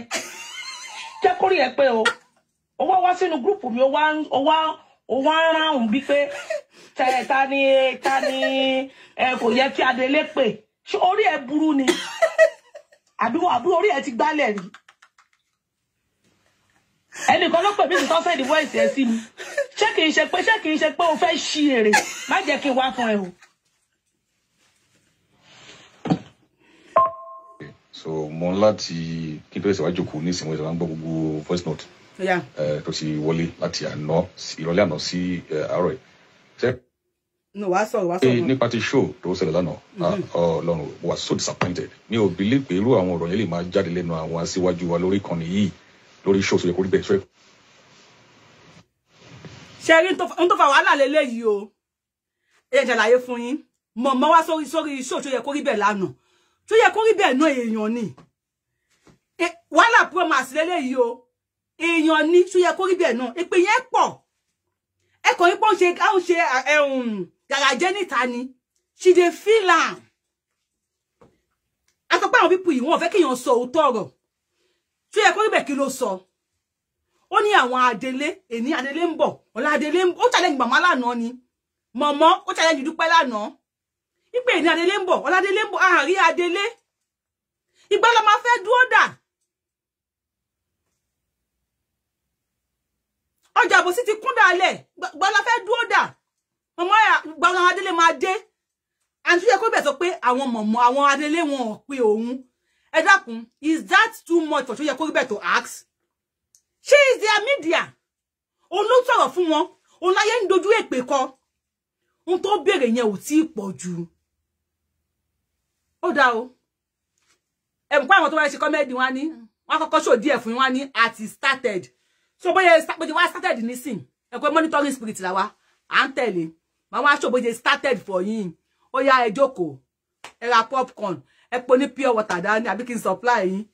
jẹ́ kórìí ẹ pé o ó wá sínú gúrùpù mi ó wá ó wá ó wá ń ráhùn bí pé ta ni ta ni kò yẹ kí adelé pè ṣé orí ẹ burú ni àbí àbí orí ẹ ti gbálẹ̀ rí ẹnìkan ló pè mí nǹkan fẹ́ ìdìbò ẹ̀sì ẹ̀ sí mi ṣé kì í ṣe pé ṣé kì í ṣe pé o fẹ́ ṣí èrè má jẹ́ kí n wá fún ẹ o.
so mo ń láti kí n tó ṣe wá jókòó nísìnyí mo ṣe wá ń gbọ́ gbogbo voice note. Eh, tó ti wọlé láti àná ìrọ̀lẹ́ àná sí eh, àárọ̀ ẹ̀
no wàá sọ̀rọ̀ wàá eh, sọ̀rọ̀.
nípa ti show tó ṣẹlẹ̀ lánàá ah, mm-hmm. oh, ọlọ́run was so disappointed ní ò believe pé irú àwọn ọ̀rọ̀ yẹn lè máa jáde lẹ́nu àwọn aṣíwájú wa lórí ìkànnì yìí lórí show tó yẹ kó rí bẹ́ẹ̀ sọ́yẹ́.
ṣe rí n tó fa wàhálà lélẹ́yìí o ẹ̀yẹ̀ ṣàlàyé fún yín mọ̀mọ́ wá sórí sórí show tó yẹ kó rí bẹ́ẹ̀ lánàá tó yẹ kó rí bẹ́ẹ̀ náà èèyàn ni wàhálà promise lélẹ́yìí o èèyàn ní tó yẹ kó rí bẹ́ẹ̀ náà èpè yẹn pọ̀ ẹ kàn wípé ó ṣe ó ṣe um, gàràjẹ́ níta ni she dey feel am àtọ́pẹ́ àwọn pípù yìí wọ́n fẹ́ kéèyàn sọ òótọ́ ọ̀rọ̀ tó yẹ kó rí bẹ́ẹ̀ kí ló sọ ó ní àwọn adelé èní adelé ń bọ̀ ọ̀la adelé ó challenge màmá lánàá ni mọ̀mọ́ ó challenge dúpẹ́ lánàá wípé èní adelé ń bọ̀ ọ̀la adelé ń bọ̀ àárí adelé ìgbà la máa fẹ́ dúró dà ọjà àbòsí ti kún dàlẹ̀ gbọ́dọ̀ fẹ́ dúró dà ọmọ gbọ́dọ̀ àwọn adélé máa dé àti ṣe kó bẹ̀ sọ pé àwọn mọ̀mọ́ àwọn adélé wọn ò pe òun ẹ dákun is that too much for ṣóyẹ kó bẹ̀ to ask she is their media òun ló sọ̀rọ̀ fún wọn òun láyé ń dojú èpè kọ ohun tó béèrè yẹn ò tí ì pọ̀ jù ó dá o ẹ̀mùpá àwọn tó wáyé ṣe kọ́mẹ́dì wá ní wọ́n kọ́kọ́ ṣòdí ẹ̀ fún wá ní àti started so boye start boye wa started nísìn ẹ ko monitoring spirit la wa I'm telling, tẹ̀lé ma wa show boye started for yín ó yá Joko. jókòó ẹ ra popcorn ẹ po ní pure water dání àbí kí n supply yín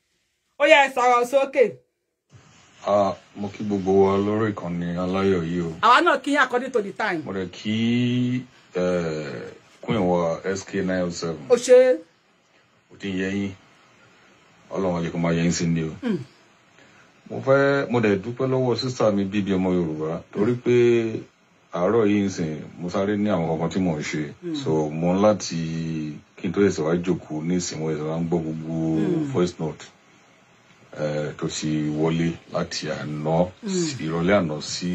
ó yá ẹ sọ̀rọ̀ sókè
ah mo kí gbogbo wa lórí ìkànnì alayo yìí o
àwa na kí according to the time mo
dẹ̀ kí eh queen wa SK907 ó ṣe ó ti yẹyin Ọlọ́run lè kó máa yẹyin sí ni o mm mo fẹ́ mo dẹ̀ dúpẹ́ lọ́wọ́ sísá mi bíbí ọmọ yorùbá torí pé àárọ̀ yìí ń sìn mo sáré ní àwọn kankan tí mò ń ṣe hmm. so mo ń láti kí n tó ẹsẹ̀ wá jókòó ní ìsìn mo ẹsẹ̀ wá ń gbọ́ gbogbo hmm. voice note eh, tó ti wọlé láti àná hmm. ìrọ̀lẹ́ àná sí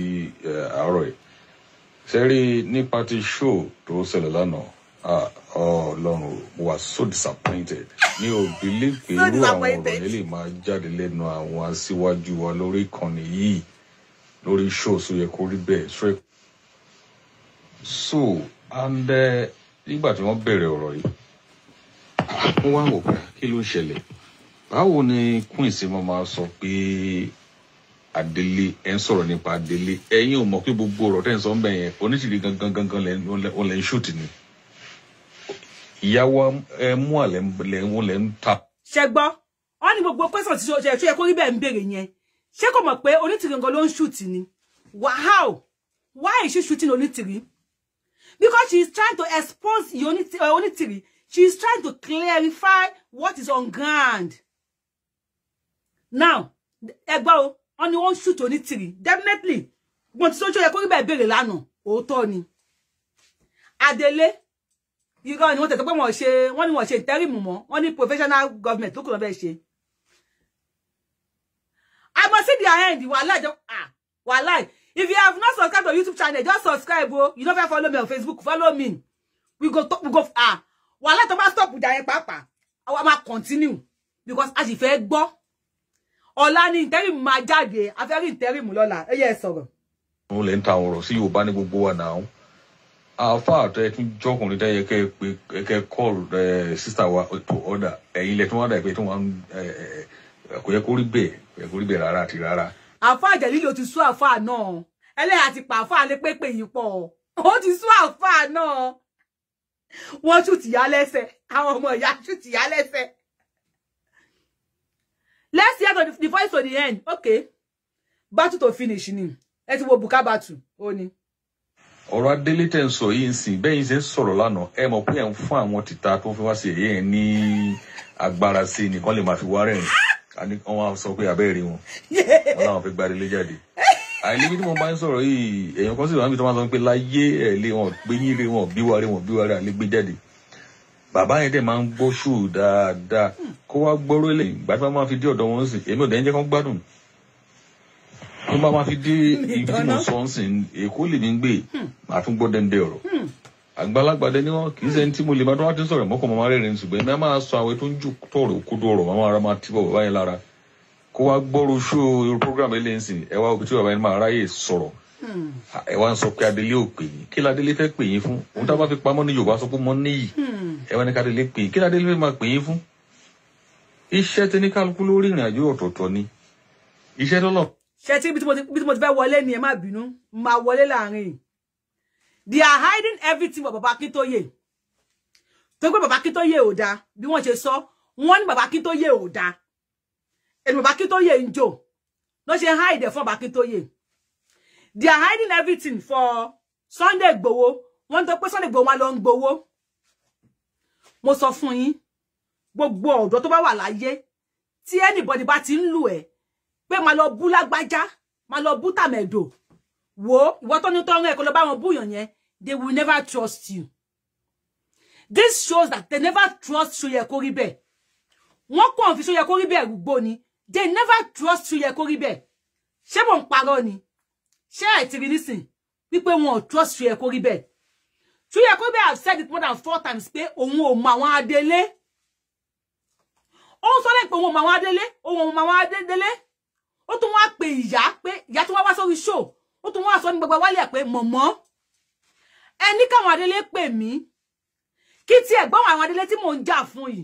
eh, àárọ̀ yìí sẹ́rí nípa ti show tó ṣẹlẹ̀ lánàá ah oh, ọlọ́run oh, mo wà so disappointed mi ò believe pé irú àwọn ọ̀rọ̀ yẹn lè máa jáde lẹ́nu àwọn aṣíwájú wa lórí ìkànnì yìí lórí So yẹ kó rí bẹ́ẹ̀ so so and eh, nígbà tí wọ́n bẹ̀rẹ̀ ọ̀rọ̀ yìí mo wá wò pé kí ló ń ṣẹlẹ̀ báwo ni queen ṣe máa sọ pé adele ẹ ń sọ̀rọ̀ nípa adele ẹ̀yin ò mọ̀ pé gbogbo ọ̀rọ̀ tẹ́ ń sọ ń bẹ̀ yẹn oníṣìírí gangan gangan lẹ́ ń ṣòtì ni ìyàwó ẹmú àlẹ lẹhún lẹ ń ta.
ṣe gbọ́ wọ́n ní gbogbo pẹ́sàn tí ṣe ṣe kó rí bẹ́ẹ̀ ń béèrè yẹn ṣé kò mọ̀ pé onítìrìngàn ló ń ṣùtì ni wow why is she shooting onítìrì because she is trying to expose eh, onítìrì she is trying to clarify what is on ground now ẹgbọ́ o wọ́n ní wọ́n ń ṣùtì onítìrì definitely gbọ́n tí ṣe ṣe kó rí bẹ́ẹ̀ béèrè lánàá òótọ́ ni Adele irọ́ ni wọ́n tẹ̀sọ́ pé wọ́n ṣe wọ́n ní wọ́n ṣe interim mọ́ wọ́n ní professional government tó kù lọ́bẹ̀ ṣe. I must see their end wàhálà jọ ah wàhálà if you have not subscribed to YouTube channel just subscribe o oh. you no fit follow me on Facebook follow me we go talk we go ah wàhálà tó bá stop ìjà yẹn pàápàá I máa continue because as sì fẹ́ gbọ́ ọ̀la ni interim máa jáde a fẹ́ rí interim lọ́la ẹ yẹ sọ̀rọ̀.
òun lè ń ta ọ̀rọ̀ sí Yorùbá ní gbogbo wa náà àáfà tó yẹ kí n jọkùnrin tó yẹ kẹ kọọlù sísá wa ètò ọ̀dà ẹ̀yin ilẹ̀ tó wọ́n dà pé tó wọ́n kò yẹ kó rí bẹ́ẹ̀ kò yẹ kó rí bẹ́ẹ̀ rárá àti rárá.
àáfà àjẹlí yóò ti sú àáfà náà ẹlẹ́yà ti pa àáfà lé pépè yìí pọ̀ ó ti sú àáfà náà wọ́n tún tìyá lẹ́sẹ̀ àwọn ọmọ ìyá tún tìyá lẹ́sẹ̀. let's hear the, voice to the end okay battle to finish ni ẹ ti wo buka battle ó ní. Oh,
ọ̀rọ̀ adélé tẹ̀ ń sọ yìí ń sìn bẹ́ẹ̀ yìí ṣe ń sọ̀rọ̀ lánàá ẹ mọ̀ pé ẹ̀ ń fún àwọn tìta tó ń wá sí èyí ẹ̀ ní agbára sí nìkan lè máa fi wá rẹ̀yìn àní wọn sọ pé abẹ́rẹ́ wọn wọn làwọn fi gba jáde àìlèmi tí mo bá ń sọ̀rọ̀ yìí èèyàn kan sì wà níbi tó máa sọ pé láyé ẹ̀ lé wọn gbé yín lé wọn bí wàrẹ́ wọn bí wàrẹ́ àlé gbé jáde bàbá yẹn dẹ̀ máa ń gbóṣù dáadáa kó wá gbọ́rọ̀ lẹ́yìn gbàtí máa fi dé ọ̀dọ̀ wọn sí èmi ò dẹ́ ń jẹ́ kán gbádùn tó bá wá fi dé hmm. ibi tí mo sọ ń sìn èkó lèmi hmm. ń gbé àtúngbọ́ dẹ́ndẹ́ ọ̀rọ̀ hmm. àgbàlagbàdé ni wọn kì í ṣe ní tí mo lè máa tó wá ti sọ̀rọ̀ mọ́kàn máa rẹ́rìn ṣùgbọ́n ẹ̀mí á máa sọ àwọn tó ń jù tọ̀rọ̀ kódó ọ̀rọ̀ máa ara máa tibọ̀ bàbá yẹn lára kó wá gbọ́rọ̀ ṣó irú program eléyìí ń sìn ẹ wá òbí tí bàbá yẹn máa ráyè sọ̀rọ̀ ẹ wá ń sọ pé adélé ò pè yín kí ládélé fẹ́ pè yín fún òun tá a bá fi pamọ́ ní yorùbá sọ pé mọ́ níyì ẹ wá ní kádélé pè pè ni iṣẹ́ tọ́lọ̀
ṣe tí bí tí mo ti fẹ́ ni ẹ má bínú máa wọlé láàrin they are hiding everything for baba Akintoye tó pé baba Akintoye ò dáa bí wọ́n ṣe sọ wọ́n ní baba Akintoye ò dáa ẹni baba Akintoye ń jò ló hide fún baba Akintoye they are hiding everything for Sunday Igboho wọ́n tó pé Sunday Igboho wá lọ ń gbowó mo sọ fún yín gbogbo ọ̀dọ́ tó bá wà láyé tí anybody bá ti Lu. lù ẹ́ pé màá lọ bú lágbájá màá lọ bú tàmẹ̀dò wò ìwọ tó ní tọrọ ẹ kó lọ bá wọn búyàn yẹn they will never trust you this shows that they never trust Ṣóyẹ kó rí bẹ́ẹ̀ wọ́n kàn fi Ṣóyẹ kó rí bẹ́ẹ̀ rúgbó ni they never trust Ṣóyẹ kó rí bẹ́ẹ̀ ṣé mò ń parọ́ ni ṣé àìtìrì nísìn wípé wọn ò trust Ṣóyẹ kó rí bẹ́ẹ̀ Ṣóyẹ kó rí bẹ́ẹ̀ have said it more than four times pé òun ò mọ àwọn adélé òun sọ lẹ́yìn pé òun ò mọ àwọn adélé òun ò mọ àwọn adélé ó tún wá pè ìyá pé ìyá tó wá wá sórí show ó tún wá sọ ní gbogbo wálé pé mọ̀mọ́ ẹni káwọn adélé pè mí kí tí ẹ̀gbọ́n àwọn adélé tí mò ń jà fún yìí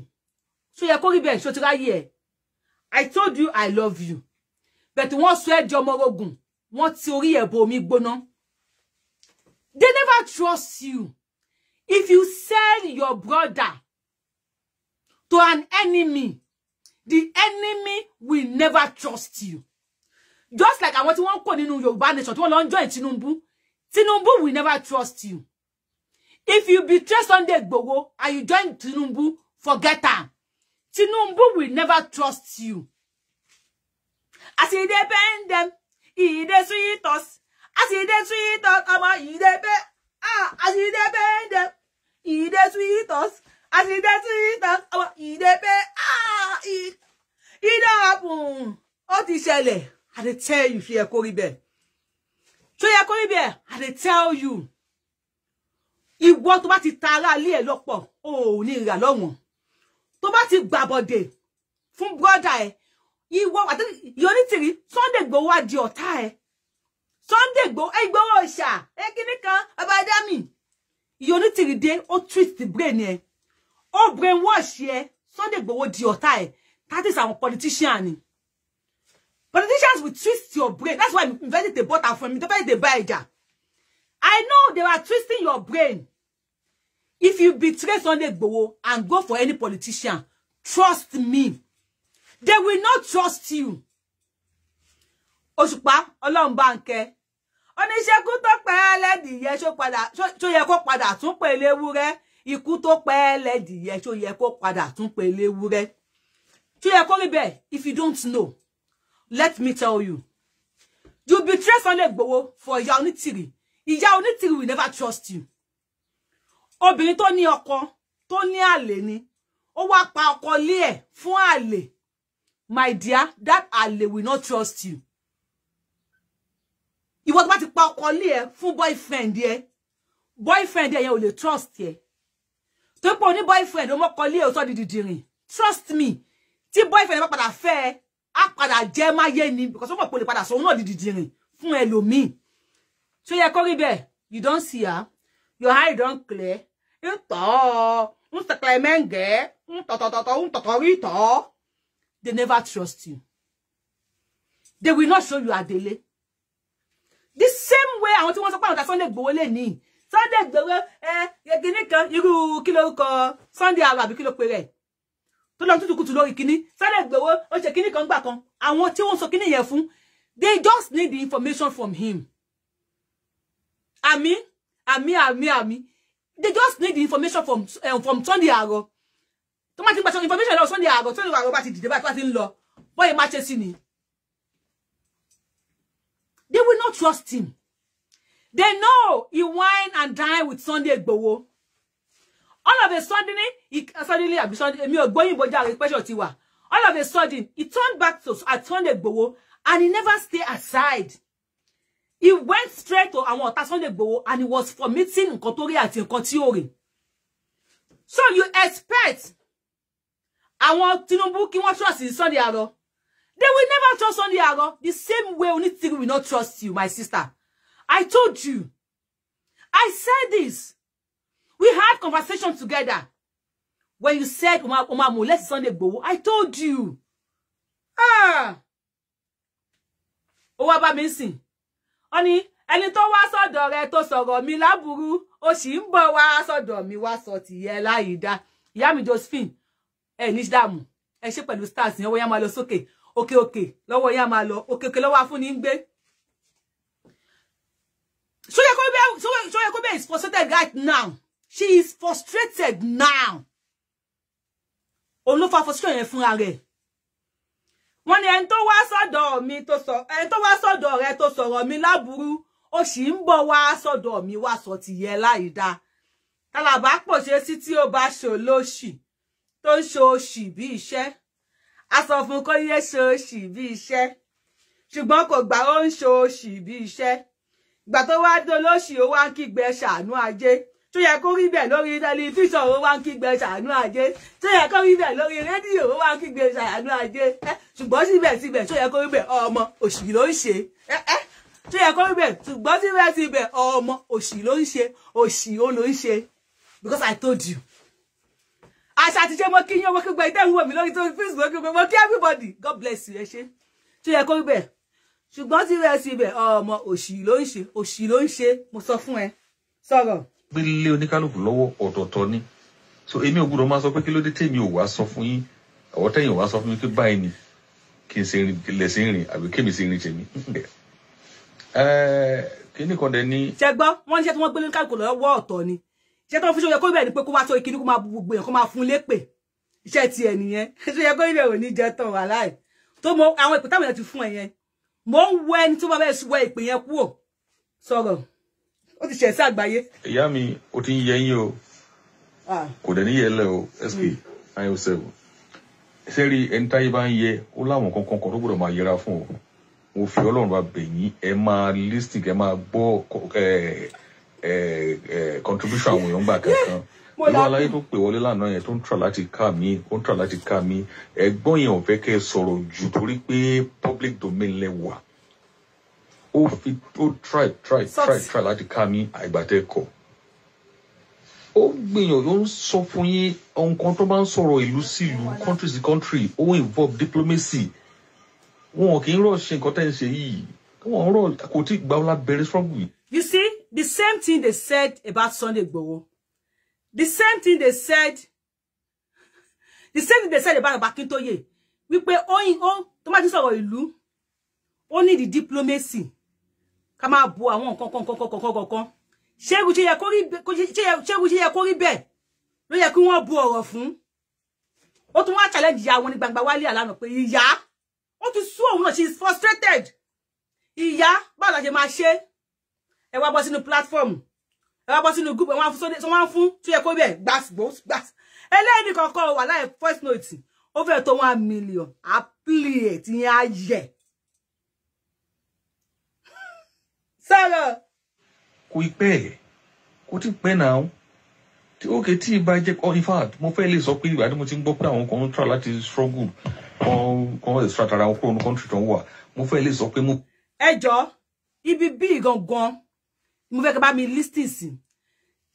ṣó yẹ kó rí bẹ́ẹ̀ ṣó ti ráyè i told you i love you but wọ́n sọ ẹ́ di ọmọ ogun wọ́n ti orí ẹ̀bùn omi gbóná they never trust you if you sell your brother to an enemy the enemy will never trust you just like àwọn tí wọ́n kó nínú Yorùbá nation tí wọ́n lọ ń join Tinubu Tinubu will never trust you if you betray Sunday Igboho and you join Tinubu forget am Tinubu will never trust you as e dey bend dem e dey sweet us as e dey sweet us ọmọ e dey bend ah as e dey bend dem e dey sweet us as e dey sweet us ọmọ e dey bend ah e don happen ó ti ṣẹlẹ̀. I dey tell you ṣe yẹ kó rí bẹ́ẹ̀ ṣe yẹ kó rí bẹ́ẹ̀ I dey tell you ìwọ tó bá ti ta ara ilé ẹ lọ́pọ̀ o ò ní ìrà lọ́wọ́n tó bá You gbàbọ̀dè fún bọ́dà ẹ ìwọ yonítìrí Sunday Igboho wá di ọ̀tá ẹ Sunday Igboho ẹ Igboho ọ̀ṣà ẹ kíní kan You only yonítìrí dé ó twist the brain ẹ ó brainwash ẹ Sunday Igboho di ọ̀tá ẹ that is our politician ni. Politicians will twist your brain. That's why I'm very they bought from me. They buy it. I know they are twisting your brain. If you betray Sunday Igboho and go for any politician, trust me. They will not trust you. Òṣùpá Ọlọ́run bá ń kẹ́. Oníṣègùn tó pẹ́ lẹ́dìyẹ ṣó padà ṣó yẹ kó padà tún pè léwúrẹ́. Ikú tó pẹ́ lẹ́dìyẹ ṣó yẹ kó padà tún pè léwúrẹ́. Ṣó yẹ kó rí bẹ́ẹ̀ if you don't know let me tell you you betray Sunday Igboho for Ìyá Onítìrì Ìyá Onítìrì will never trust you obìnrin tó ní ọkọ tó ní àlè ni ó wá pa ọkọ lé ẹ̀ fún àlè my dear that àlè will not trust you ìwọ tó bá ti pa ọkọ lé ẹ̀ fún boyfriend ẹ̀ boyfriend ẹ̀ yẹn ò lè trust ẹ̀ tó pọ̀ ní boyfriend ó mọ́kọ lé ẹ̀ ó sọ di dìdìrìn trust me tí boyfriend bá padà fẹ́ ẹ á padà jẹ́ máyé ni because wọ́n mọ̀ pé ó lè padà sọ òun náà di dìdìrìn fún ẹlòmíì tó yẹ kó rí bẹ́ẹ̀ you don see her your eye don clear ń tọ́ ń tẹ̀tẹ̀ mẹ́ǹgẹ́ ń tọ̀tọ̀tọ̀tọ̀ ń tọ̀tọ̀ rí tọ́ they never trust you they will not show you adele the same way àwọn tí wọ́n sọ pé àwọn ta Sunday Igboho lè ní Sunday Igboho ẹ eh, yẹgi nìkan irú kí lórúkọ Sunday ara àbí kí ló pe rẹ̀ tó lọ tútù kùtù lórí kínní sáré gbowó ó ṣe kínní kan gbà kan àwọn tí wọ́n sọ kínní yẹn fún they just need the information from him àmì àmì àmì àmì they just need the information from um, from Sunday àrọ tó máa ti gbàṣọ information lọ Sunday àrọ Sunday àrọ bá ti dìde bá ti ń lọ bóyá má ṣe sí ni they will not trust him they know he wine and dine with Sunday Igboho all of a sudden he suddenly àbí suddenly èmi ò gbóyìnbó járe pressure ti wà all of a sudden he turned back to I Sunday Igboho and he never stay aside he went straight to àwọn ọ̀tá Sunday Igboho and he was for meeting nǹkan tó rí àti nǹkan tí so you expect àwọn Tinubu kí wọ́n trust in Sunday Aro they will never trust Sunday Aro the same way Onitiri will not trust you my sister I told you I said this We had conversation together. When you said, Umamu, let's Sunday go. I told you. Ah. Ó wá bá mi sìn. Ó ní, ẹni tó wá sọ́dọ̀ rẹ̀ tó sọ̀rọ̀ mi láburú. Ó sì ń bọ̀ wá sọ́dọ̀ mi wá sọ tìyẹ láìda. Ìyá mi Josephine. Ẹ ní dààmú. Ẹ ṣe pẹ̀lú stars. Ọwọ́ yá máa lọ sókè. Òkè òkè. Lọ́wọ́ yá máa lọ. Òkè òkè lọ́wọ́ afúnni ń gbé so yẹ kó so yẹ kó is for certain right now she is frustrated now òun ló fa frustration yẹn fúnra rẹ̀ wọ́n ní ẹni tó wá sọ́dọ̀ mi tó sọ ẹni tó wá sọ́dọ̀ rẹ̀ tó sọ̀rọ̀ mi láburú ó sì ń bọ̀ wá sọ́dọ̀ mi wá sọ tìyẹ láì dáa tàlàbà pọ̀ ṣe sí tí ó bá ṣòlóṣì tó ń ṣòṣì bí iṣẹ́ a sọ fún kó yé ṣòṣì bí iṣẹ́ ṣùgbọ́n kò gbà ó ń ṣòṣì bí iṣẹ́ ìgbà tó wá dolóṣì ó wá ń kígbe ṣàánú ajé tó yẹ kó rí bẹ́ẹ̀ lórí tẹlifíṣàn ó wá ń kígbe ṣàánú ajé tó yẹ kó rí bẹ́ẹ̀ lórí rédíò ó wá ń kígbe ṣàánú ajé ṣùgbọ́n síbẹ̀síbẹ̀ tó yẹ kó rí bẹ́ẹ̀ ọmọ òṣì ló ń ṣe tó yẹ kó rí bẹ́ẹ̀ ṣùgbọ́n síbẹ̀síbẹ̀ ọmọ òṣì ló ń ṣe òṣì ó ló ń ṣe because I told you àṣà àtijọ́ mo kí yín ọmọ kígbe ìdẹ́hùn wò mí lórí tó Facebook mo kí everybody God bless you ẹ ṣe tó yẹ kó rí bẹ́ẹ̀ ṣùgbọ́n síbẹ̀síbẹ̀ ọmọ òṣì ló ń ṣe òṣì ló ń ṣe mo
gbé lé oníkálukú lọ́wọ́ ọ̀tọ̀ọ̀tọ̀ ni so èmi ò gbúdọ̀ máa sọ pé kí ló dé tèmi ò wá sọ fún yín àwọn tẹ̀yìn ò wá sọ fún mi pé báyìí ni kí n ṣe lẹ̀sìn rìn àbí kémi
ṣe rìn tèmi. Eh, kíní kan dẹ ní. ṣe gbọ́ wọ́n ní iṣẹ́ tí wọ́n gbé oníkálukú lọ́wọ́ ọ̀tọ̀ ni iṣẹ́ tí wọ́n fi ṣe yẹ kó bẹ̀ ni pé kó wá sọ ìkíní kó máa bu gbogbo èèyàn kó máa fún lépè iṣẹ́ ti ẹ̀ nìyẹn ṣe yẹ kó ibẹ̀ ò ní jẹ tán wàhálà ẹ̀ tó mọ àwọn ìpè táwọn èèyàn ti fún ẹ̀ yẹn mò ń wọ ẹni tó bá bẹ́ẹ̀ wọ ìpè yẹn kúrò sọ̀rọ̀ ó ti ṣẹ̀ sí àgbáyé.
ìyá mi ó ti ń yẹ yín o kò dẹ̀ ní yẹ lẹ̀ o sp hmm. nine oh seven sẹ́rí ẹni táyé bá ń yẹ ó láwọn kankan kan tó gbọ́dọ̀ máa yẹra fún o mo fi ọlọ́run bá bẹ̀ yín ẹ máa listing ẹ máa gbọ́ contribution àwọn èèyàn gbà kankan ìlú aláyé tó pè wọlé lánàá yẹn tó ń tra láti ká mi ó ń tra láti ká mi ẹ̀gbọ́n yẹn ò fẹ́ kẹ́ sọ̀rọ̀ jù torí pé public domain lẹ wà ó fi ó try try try try láti ká mi àìgbàtẹ́kọ̀ ó gbìyànjú ń sọ fún yín nǹkan tó bá ń sọ̀rọ̀ ìlú sí country sí country ó involve diplomacy wọn kì í rọ̀ ṣe nǹkan tẹ́ ń ṣe yìí wọn rọ̀ kò tí gba ọlá bẹ̀rẹ̀ struggle
you see the same thing they said about Sunday Igboho the same thing they said the same thing they said about Akintoye wípé ó ń tó má ti sọ̀rọ̀ ìlú ó ní the diplomacy ká máa bu àwọn nǹkan kan kan kan kan kan ṣégun ṣe yẹ kó rí ṣégun ṣe yẹ kó rí bẹ́ẹ̀ ló yẹ kí wọ́n bu ọ̀rọ̀ fún ó tún wá challenge ya wọn ní gbangba wálé àlànà pé ìyá ó ti sú òun náà she is frustrated Iya ba la ṣe máa ṣe ẹ wá bọ́ sínú platform ẹ wá bọ́ sínú group ẹ wá fún sóde wọ́n fún tó yẹ kó bẹ̀ gbas gbas ẹlẹ́ni kọ̀ọ̀kan wà láì voice note ó fẹ́ tó one million àpìlì ẹ̀ tí yẹn á yẹ̀. sọ̀rọ̀.
Kúípẹ́ kò tí pẹ́ náà tí ó ké tí ì bá jẹ́ kọ́ in fact mo fẹ́ lè sọ pé ìgbà tí mo ti ń gbọ́ pé àwọn kan ń tra láti struggle kan kan lè sọ àtàrà àwọn kúrò ní country tó ń wà mo fẹ́ lè sọ pé mo.
ẹ jọ ibi bíi gangan mo fẹ́ kí bá mi listing sí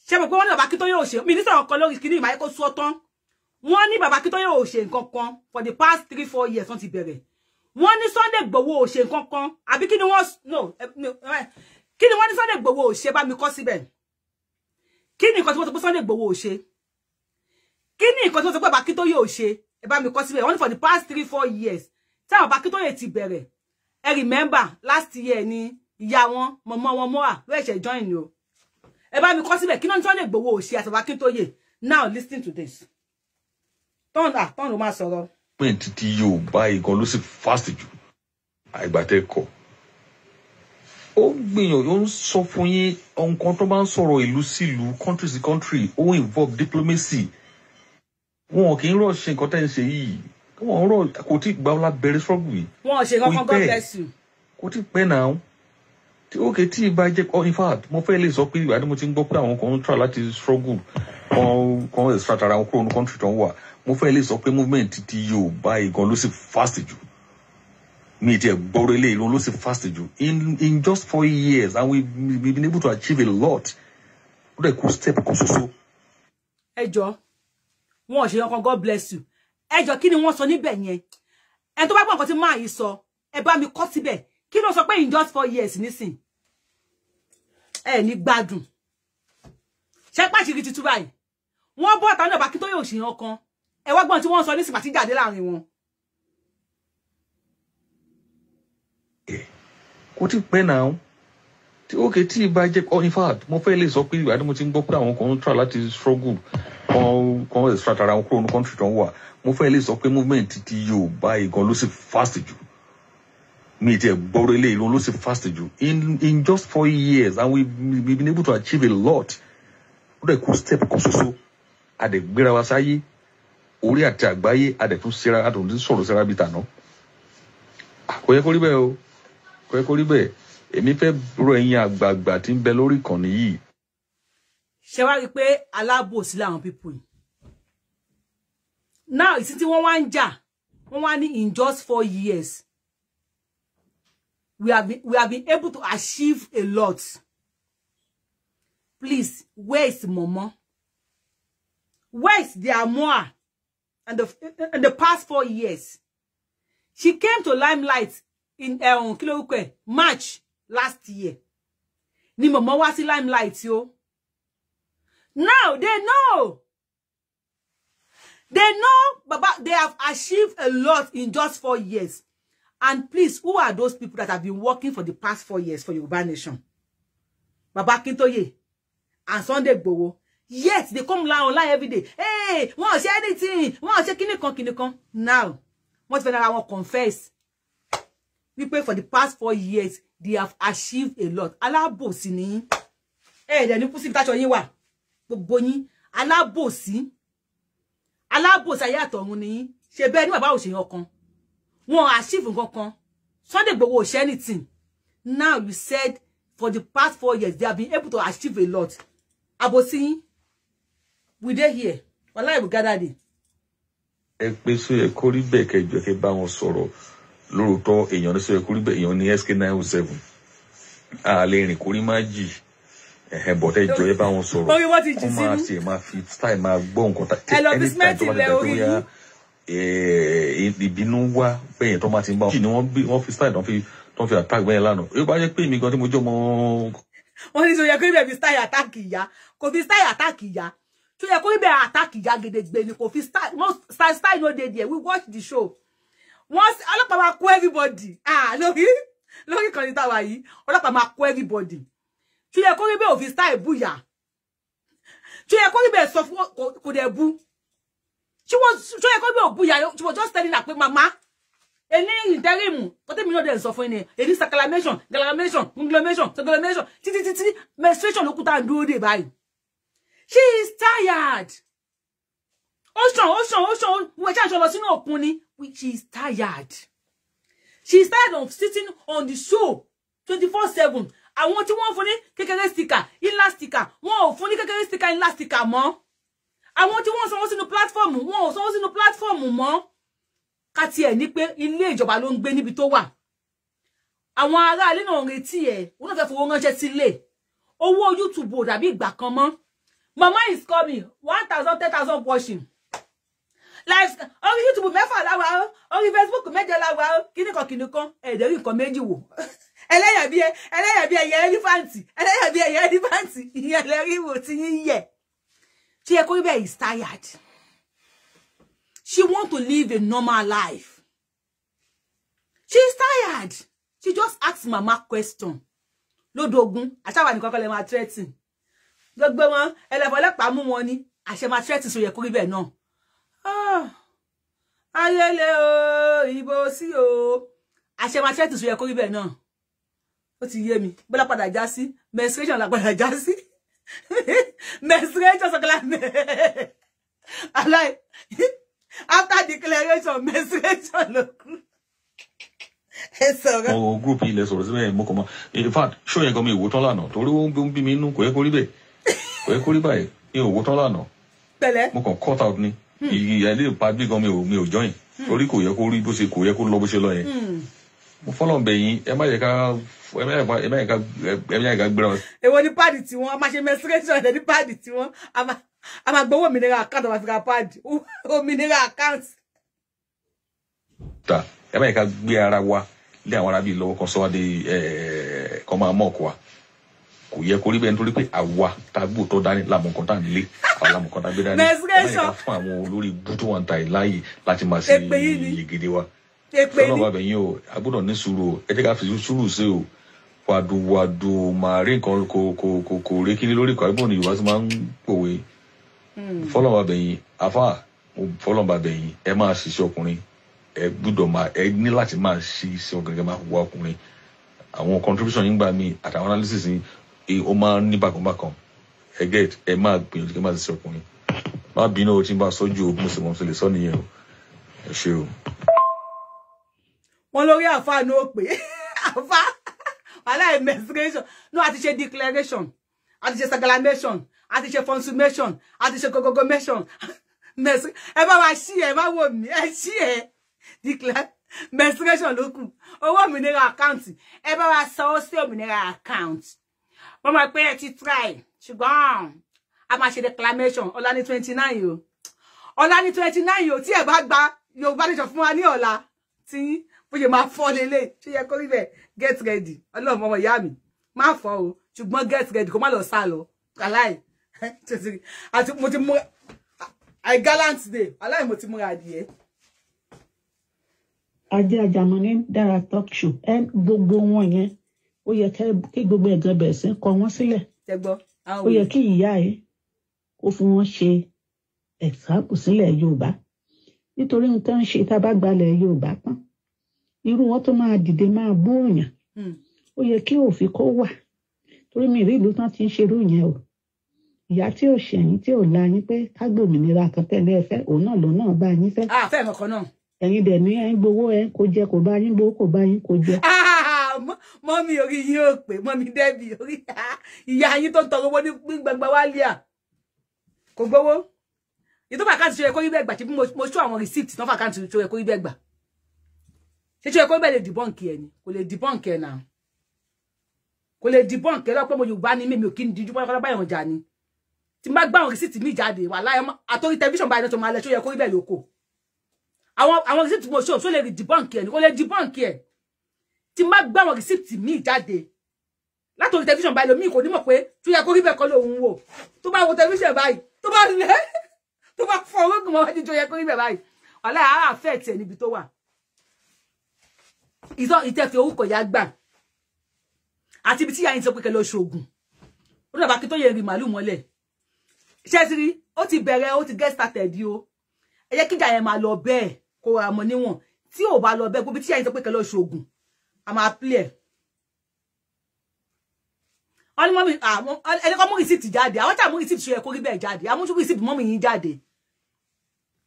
ṣe mọ̀ pé wọ́n ní bàbá Akíntóyè ò ṣe mínísítà ọkọ lórí kìíní ìmáyé kó sọ tán wọ́n ní bàbá Akíntóyè ò ṣe nǹkan kan for the past three four years wọ́n ti bẹ̀rẹ̀ wọ́n ní Sunday Igboho ò ṣe nǹkan kan àbí kí ni wọ́n no eh, eh, kí ni wọ́n ní Sunday Igboho ò ṣe bá mi kọ síbẹ̀ kí ni nǹkan tí wọ́n sọ pé Sunday Igboho ò ṣe kí ni nǹkan tí wọ́n sọ pé Akintoye ò ṣe ẹ bá mi kọ síbẹ̀ wọ́n for the past three four years tí àwọn Akintoye ti bẹ̀rẹ̀ ẹ remember last year ni ìyá wọn mọmọ wọn mọ à ló ẹsẹ join ni o ẹ bá mi kọ síbẹ̀ kí náà ní Sunday Igboho ò ṣe àtàwọn Akintoye now listen to this Turn tọ́nà tọ́nà máa sọ̀rọ̀
development ti Yorùbá yìí gan ló sì fast jù àìgbàtẹ́kọ̀
ó gbìyànjú ó ń sọ fún yín nǹkan tó bá ń sọ̀rọ̀
ìlú sílùú country sí country ó ń involve diplomacy wọn kì í rọ̀ ṣe nǹkan tẹ́ ń ṣe yìí wọn rọ̀ kò tí gba ọlá bẹ̀rẹ̀ sọ́gù yìí
wọn ò ṣe kankan God bless you
kò tí pẹ́ náà tí ó kè tí ìbá jẹ́ oh in fact mo fẹ́ lè sọ pé ìbàdí ti ń gbọ́ pé àwọn kan ń tra láti struggle kan kan extract ara wọn kúrò ní country tó ń wà mo fẹ́ lè sọ pé movement ti Yorùbá igan ló sì fast jù mi tiẹ̀ gbọ́rọ̀ ilé ìlú ló sì fast jù in in just four years and we we been able to achieve a lot
ó dẹ̀ kú step kan ṣoṣo. ẹ jọ wọn ò ṣe ọkàn god bless you ẹ jọ kí ni wọ́n sọ níbẹ̀ yẹn ẹ tó bá gbọ́ nǹkan tí máa yìí sọ ẹ bá mi kọ síbẹ̀ kí ló sọ pé in just four years nísìn ẹ ní gbádùn ṣe pàṣírí tuntun báyìí wọ́n bọ ọtá náà bá kí tó yóò ṣe ọkàn ẹ wá gbọ́n tí wọ́n sọ nísìnyí àti jáde láàrin wọn.
kò tí ì pẹ́ náà tí ó ké tí ì bá jẹ́ in fact mo fẹ́ lè sọ pé ìgbà tí mo ti ń gbọ́ pé àwọn kan ń tra láti struggle kan kan extract ara wọn kúrò ní country tó ń wà mo fẹ́ lè sọ pé movement ti Yorùbá ìgan ló sì fast jù mi ti ẹ̀ gbọ́rọ̀ ilé ìlú ló sì fast jù in in just four years and we we been able to achieve a lot ó dẹ̀ kú step kan ṣoṣo a dẹ̀ gbéra wa sáyé orí àti àgbáyé adẹ̀tún síra adẹ̀tún sọ̀rọ̀ síra bíi tàná ah, kò yẹ bẹ́ẹ̀ o kò yẹ bẹ́ẹ̀ èmi fẹ́ rọ ẹ̀yin àgbààgbà tí ń bẹ lórí ìkànnì yìí.
ṣé wàá rí i pé alábòsí làwọn pípò yìí now ìsìn tí wọ́n wá ń jà wọ́n wá ní in just four years we have been, we have been able to achieve a lot please where is mama where is their moa and the, in the past four years. She came to limelight in eh, um, Kilokwe, March last year. Ni mama wá sí limelight yo. Now they know. They know Baba they have achieved a lot in just four years. And please, who are those people that have been working for the past four years for Yoruba Nation? Baba Kintoye and Sunday Igboho yet they come la online every day hey wọn ò ṣe anything wọn ò ṣe kíní kan kíní kan now wọn ti I want wọn confess pray for the past four years they have achieved a lot alábòsí ni ẹ ẹ̀dẹ̀ ní kú síbi táṣọ yín wà gbogbo yín alábòsí alábòsí ayé àtọ̀run ni yín ṣe bẹ́ẹ̀ ní bàbá òṣèyàn kan wọn achieve nǹkan kan Sunday Igboho ò ṣe anything now you said for the past four years they have been able to achieve a lot àbòsí we dey here wàhálà ìbò gádà dé.
ẹ pé sọ yẹ kó rí bẹ́ẹ̀ kẹjọ kẹ bá wọn sọ̀rọ̀ lóòótọ́ èèyàn ní sọ yẹ kó rí bẹ́ẹ̀ èèyàn ní sk nine oh seven àlè rìn kórí má jì ẹ̀hẹ̀ bọ̀dẹ̀ ìjọ yẹ bá wọn sọ̀rọ̀ ó máa ṣe máa fi style máa gbọ́ nǹkan tá ẹ lọ bí símẹ́ǹtì lẹ orí yìí ìbínú wá bẹ́yẹn tó máa ti ń bá wọn. ni wọ́n bí wọ́n fi style náà fi tó fi attack bẹ́yẹn lánàá yóò bá jẹ́ pé èmi gan tí mo jọ́ mọ́.
wọ́n ní sọ yẹ kó ibẹ̀ fi style attack ìyá kò fi style attack ìyá So tó yẹ kó ibẹ̀ àtàkì gàgèdègbè ni kò fi style style no dey there we watch the show Once ọlọ́pàá máa kó everybody ah, lórí lórí ìkànnì táwa yìí ọlọ́pàá máa kó everybody So yẹ kó ibẹ̀ òfin style So tó yẹ kó ibẹ̀ sọ fún kò dẹ̀ bú tó yẹ kó ibẹ̀ òbúyà she was just telling her pé mama ẹni ìdẹ́rìmù kọ́tẹ́ mi náà dẹ̀ sọ fún ẹni ẹni sacramation glamation conglamation sacramation títí títí menstruation ló kú tá à ń dúró dé báyìí she is tired ó ṣàn ó ṣàn ó ṣàn wọ́n ṣàṣọ lọ sínú òkun ni she is tired she is tired of sitting on the show twenty four seven àwọn tí wọ́n fún ní kékeré stika ńlá stika wọn ò fún ní kékeré stika ńlá stika mọ́ àwọn tí wọ́n sanwó sínú platform wọn ò sanwó sínú platform mọ́ ká tiẹ̀ ní pé ilé ìjọba ló ń gbé níbi tó wà àwọn aráalé náà ń retí ẹ̀ wọ́n náà fẹ́ fowó ránṣẹ́ sílé owó YouTube ò dàbí ìgbà kan mọ́ mama is coming one thousand ten thousand watching like on youtube mẹ́fà láwa ó On facebook Kini mẹ́jọ láwa ó kíníkan kíníkan ẹ̀ẹ́dẹ̀ rí nǹkan méjì wò ẹlẹ́yà bí ẹlẹ́yà bí ẹ̀yẹ ẹlífàǹtì ẹlẹ́yà bí ẹ̀yẹ ẹlífàǹtì ìyẹn lẹ́rí wò tí yín yẹ tí ẹ kó rí bẹ́ẹ̀ is tired she want to live a normal life she is tired she just asks mama question I lódoogun àtàwọn nìkan call lè máa threaten gbogbo wọn ẹlẹ́fọ́ ọlọ́pàá mú wọn ni àṣẹ máa tẹ́tì sórí ẹ̀kọ́ ríbẹ̀ náà. Ah, ayẹlẹ o ìbò sí o àṣẹ máa tẹ́tì sórí ẹ̀kọ́ ríbẹ̀ náà ó ti yé mi bọ́lá padà já sí menstruation la padà já sí menstruation sọkọlá aláì after declaration menstruation ló kú ọ̀rọ̀
gúrúùpù ilẹ̀ sọ̀rọ̀ síbẹ̀ mọ́kànmá in fact ṣó yẹn gan mi ìwò tán lánàá torí ó ń bí mi nínú kò yẹ kó rí bẹ́ẹ̀ kò yẹ kó rí báyìí mi ò wó tán lánàá mo kàn cut out ni hmm. ìyá ilé ìpàgbé gan mi ò mi ò join hmm. torí kò yẹ kó rí bó ṣe kò yẹ kó lọ bó ṣe lọ yẹn hmm. mo fọlọ́ ń bẹ̀ yín ẹ má yẹ ká ẹ má yẹ ká ẹ má yẹ ká gbéra.
èwo ni páàdì tí wọn a máa ṣe menstruation ẹ̀ ní páàdì tí a máa gbowó òmìnira account àwọn àfihàn páàdì òmìnira account.
ta ẹ má yẹ ká gbé ara wa lé àwọn arábìnrin lọ́wọ́ kan sọ́wádìí ẹ̀ẹ́dẹ́gbẹ̀ẹ́ kan máa mọ̀ kó wa kò yẹ kó rí bẹ́ẹ̀ nítorí pé àwa tá a gbò tó dání lamọ̀kan tá a nílé àwa lamọ̀kan tá a gbé dání ká fún àwọn olórí ibú tó ta láàyè láti máa ṣe ìyegede wa fọlọ́n bàbá yín o a gbọ́dọ̀ ní sùúrù o ẹ jẹ́ ká fi sùúrù ṣe o wàdùwàdù màá rí nǹkan kò kò kò kò rí kiri lórí ìkọ́ àgbọ̀n yorùbá ti máa ń pòwe hmm. fọlọ́n bàbá yín afa fọlọ́n bàbá yín ẹ máa ṣiṣẹ́ ọkùnrin ẹ gbọ́dọ̀ máa ẹ ní láti máa ṣiṣẹ́ ọkùnrin kẹ máa hùwà ọkùnrin àwọn contribution yín gbà mí àtàwọn analysis yín ó máa ń ní bàkànbàkàn ẹgẹ́ ẹ máa gbìyànjú kí ẹ máa ṣe ọkùnrin má bínú o tí n bá sọ́jú o mo sì mọ̀ lè sọ nìyẹn o ẹ ṣe o.
wọn lórí àfa ni ó pè é àfa wàhálà menstruation náà a ti ṣe declaration a ti ṣe sacramentation a ti ṣe consummation a ti ṣe gogogomation ẹ bá wa ṣí ẹ má wò mí ẹ ṣí ẹ declare menstruation ló kù owó òmìnira àkáǹtì ẹ bá wa sanwó sí òmìnira àkáǹtì wọ́n mọ̀ pé ti try ṣùgbọ́n a máa ṣe declamation ọ̀la ní twenty nine yìí o ọ̀la ní twenty nine yìí o tí ẹ bá gba Yorùbá nation fún wa ní ọ̀la tí bó ṣe máa fọ́ lélẹ̀ ṣe yẹ kó rí get ready ọlọ́run ọmọ ìyá mi má fọ́ o ṣùgbọ́n get ready kó má lọ sá lọ aláì àti mo ti mú i gallant day aláì mo ti múra adìyẹ.
ajé ajamọ ní dára talk show ẹ gbogbo wọn yẹn ó yẹ kí gbogbo ẹ̀gàn bẹ̀rẹ̀ sí kọ wọ́n sílẹ̀ ó yẹ kí ìyá ẹ̀ kó fún wọn ṣe ẹ̀sáàpù sílẹ̀ Yorùbá nítorí ohun tó ń ṣe tá a bá gbalẹ̀ Yorùbá tán irú wọn tó máa dìde máa bú òyàn hmm. ó yẹ kí òfin kó wà torí mi ìrí ìlú tán ti ń ṣerú yẹn o ìyá tí ò ṣẹ̀yìn tí ò la yín pé kágbòmìnira kan tẹ̀lé ẹ òun náà lòun náà bá yín fẹ́.
àfẹ́ mọ̀kàn náà.
ẹ̀yin dẹ̀ ní ẹ̀ gbowó ẹ̀ kò jẹ kò bá yín gbowó kò bá yín kò jẹ. Ah!
mọ́mí orí yín ò pé mọ́mí dẹ́bì orí ìyá yín tó ń tọrọ owó ní gbangba wálé à kò gbowó ìtọ́ fàkáǹtì tó yẹ kó rí bẹ́ẹ̀ gbà tí mo ṣó àwọn receipt tó fàkáǹtì tó yẹ kó rí gbà ṣé tó yẹ kó lè dìbọ́ǹkì ẹ̀ ni kò lè dìbọ́ǹkì ẹ̀ náà kò lè dìbọ́ǹkì ẹ̀ lọ́pọ̀ mo Yorùbá ni mi ò kí ni díjú pátápátá báyọ̀ jà ni tí n bá gbá àwọn receipt mi jáde wà láyọ̀ àtọ́rí tẹlifíṣàn báyìí tó máa lẹ tó yẹ kó rí bẹ́ẹ̀ lóko àwọn receipt mo ṣó tí má gbàwọn rìsíìtì míì jáde látòrí tẹlifíṣàn báyìí lómi kò ní mọ̀ pé tó yẹ kó rí bẹ́ẹ̀ kọ́ lòun wò tó bá wo tẹlifíṣàn báyìí tó bá rilẹ̀ tó bá fọ orógùn mọ́ wájú tó yẹ kó rí bẹ́ẹ̀ báyìí ọ̀la àá fẹ́ tiẹ̀ níbi tó wà ìtọ́ ìtẹ́fẹ́ orúkọ ìyá gbà àti ibi tí yàyìn sọ pé kẹlẹ́ oṣoògùn ó dàbà kí tó yẹ rìn màálù mọ́lẹ̀ ṣé ti rí ó ti bẹ̀rẹ̀ ó ti get started yo. ẹ jẹ́ kíjà yẹn máa lọ bẹ́ẹ̀ kó ra mọ níwọ̀n tí ò bá lọ bẹ́ẹ̀ gbogbo tí yàyìn sọ pé kẹlẹ́ oṣoògùn I'm a máa play ẹ̀ wọ́n ní mọ́mí àwọn ah, ẹni kan mú receipt jáde àwọn tí a mú receipt ṣe ẹ̀kọ́ rí bẹ́ẹ̀ jáde àwọn mú receipt mọ́mí yín jáde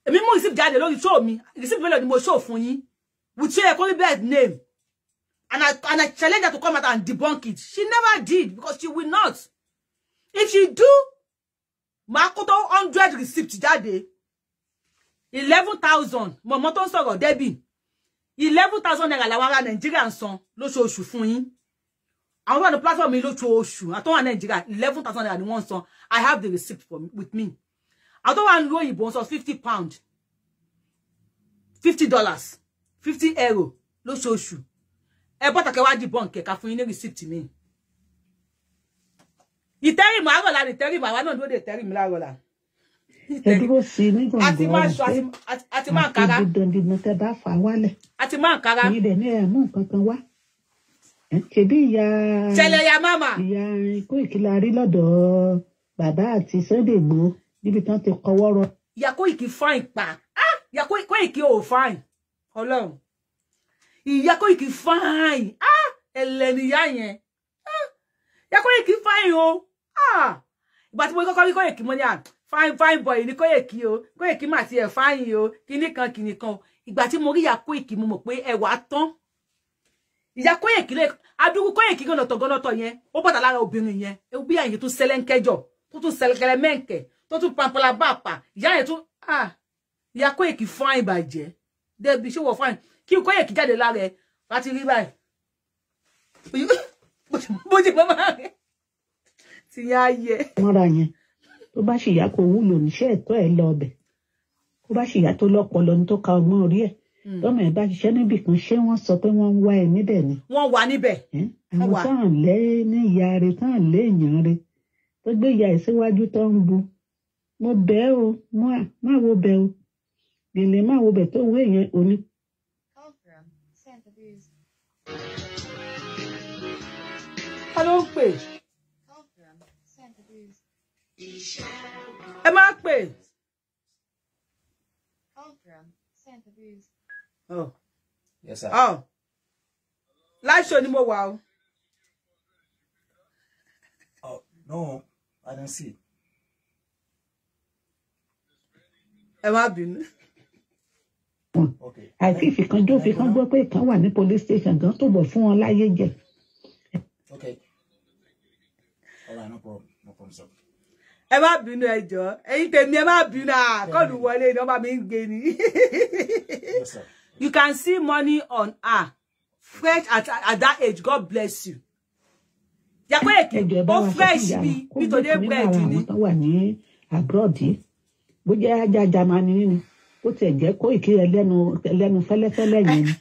èmi mú receipt jáde you show me. mi receipt mélòó ni mo show fún yín with ṣe ẹ̀kọ́ rí name and I, and I challenge her to come out and debunk it she never did because she will not if she do Makoto kó tó hundred receipt jáde eleven thousand mọ̀mọ́ tó ń sọ̀rọ̀ debbie eleven thousand naira làwọn ará nàìjíríà ń san lóṣooṣù fún yín àwọn wà ní platform mi lóṣooṣù àtọwà nàìjíríà eleven thousand naira ni wọ́n san i have the receipt for me, with me àtọwà ń lo òyìnbó ń san fifty pound fifty dollars fifty euro lóṣooṣù ẹ bọ́tà kẹwàá di bọ́ǹkì ẹ̀ka fún yín ní receipt mi ìtẹ́rìmù àárọ̀ la ìtẹ́rìmù àwa náà dúró de ìtẹ́rìmù láàárọ̀ la
ẹdúró sí ní gbọ̀ngàn àti máa ṣọ
àti máa kára àti
dandandan tẹ bá fà wálẹ̀
àti máa kára èyí
dẹ̀ ní ẹ̀mú nǹkan kan wá ṣebí ìyá ṣẹlẹ̀ ya máma ìyá Koiki la rí lọ́dọ̀ bàbá àti Sunday Igboho níbi tán ti kọwọ́ rọ.
ìyá Koiki fáìn pa ah! ìyá Koiki ò fáìn ọlọ́run ìyá Koiki fáìn ah! ẹlẹ́niyá yẹn ah! ìyá Koiki fáìn o ìgbà tí mo kọ́kọ́ rí Koiki mo ní àná fine fine boy ní Koyiki o Koyiki mà e fáyìn o kinní kan kinní kan ìgbà tí mo rí ìyá Koyiki mo mọ̀ pé ẹwà tán ìyá Koyiki lè adúgbò Koyiki gọ́nàtọ̀ gọ́nàtọ̀ yẹn ó bọ̀dà lára obìnrin yẹn ewu bí àyè tún sẹlẹ́ńkẹ́jọ tó tún sẹlẹ́kẹlẹ́ mẹ́ǹkẹ́ tó tún pampola bá pa ìyá yẹn tún ah ìyá Koyiki fáyìn bàjẹ́ débi ṣé wọ́n fáyìn kí Koyiki jáde lára ẹ̀ láti rí báyìí bó ṣe máa rẹ̀ ti yá yẹ.
mọ́ra yẹn tó bá ṣìyá kò wúlò níṣẹ́ ẹ̀tọ́ ẹ̀ lọ ọbẹ̀ tó bá ṣìyá tó lọ́pọlọ ní tó ka ọgbọ́n orí ẹ̀ hmm. tọ́mọ ẹ̀ bá ṣiṣẹ́ níbì kan ṣé wọ́n sọ pé wọ́n ń wá ẹ níbẹ̀ ni.
wọ́n wà níbẹ̀.
àwọn táwọn lé ní ìyá rẹ táwọn lé èèyàn rẹ tó gbé ìyá ẹ̀ síwájú tó ń bu mo bẹ̀ ẹ́ o má wo bẹ̀ o gèlè má wo
bẹ̀ tó wé yẹn òní ta ló ń pè ẹ má pè. Oh. Yes, sir. Oh. Láìsọ ni mo wà o. Oh, no, I don't see. Ẹ má bínú.
Àti ìfikànjó ìfikàn gbọ́ pé ìkan wà ní police station gan tó bọ̀ fún wọn láyé jẹ.
Okay. All right, no problem. No problem, sir
ẹ má bínú ẹ jọ ẹ̀yin tèmi ẹ má bínú àkọlù wọlé ni wọn bá mi ń ni you can see money on her fresh at, at that age God bless you yàgbọ́ èké ó fresh bí nítorí bread ni.
wà ní abroad bó jẹ́ ajá jamani ni ó tẹ̀ jẹ́ kó èké ẹlẹ́nu ẹlẹ́nu fẹ́lẹ́fẹ́lẹ́ yẹn ni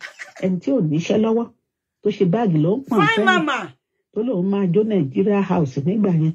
ẹni tí ò níṣẹ́ lọ́wọ́ tó ṣe báàgì ló ń pọ̀n fẹ́ẹ́ tó lóun máa jó nàìjíríà house nígbà yẹn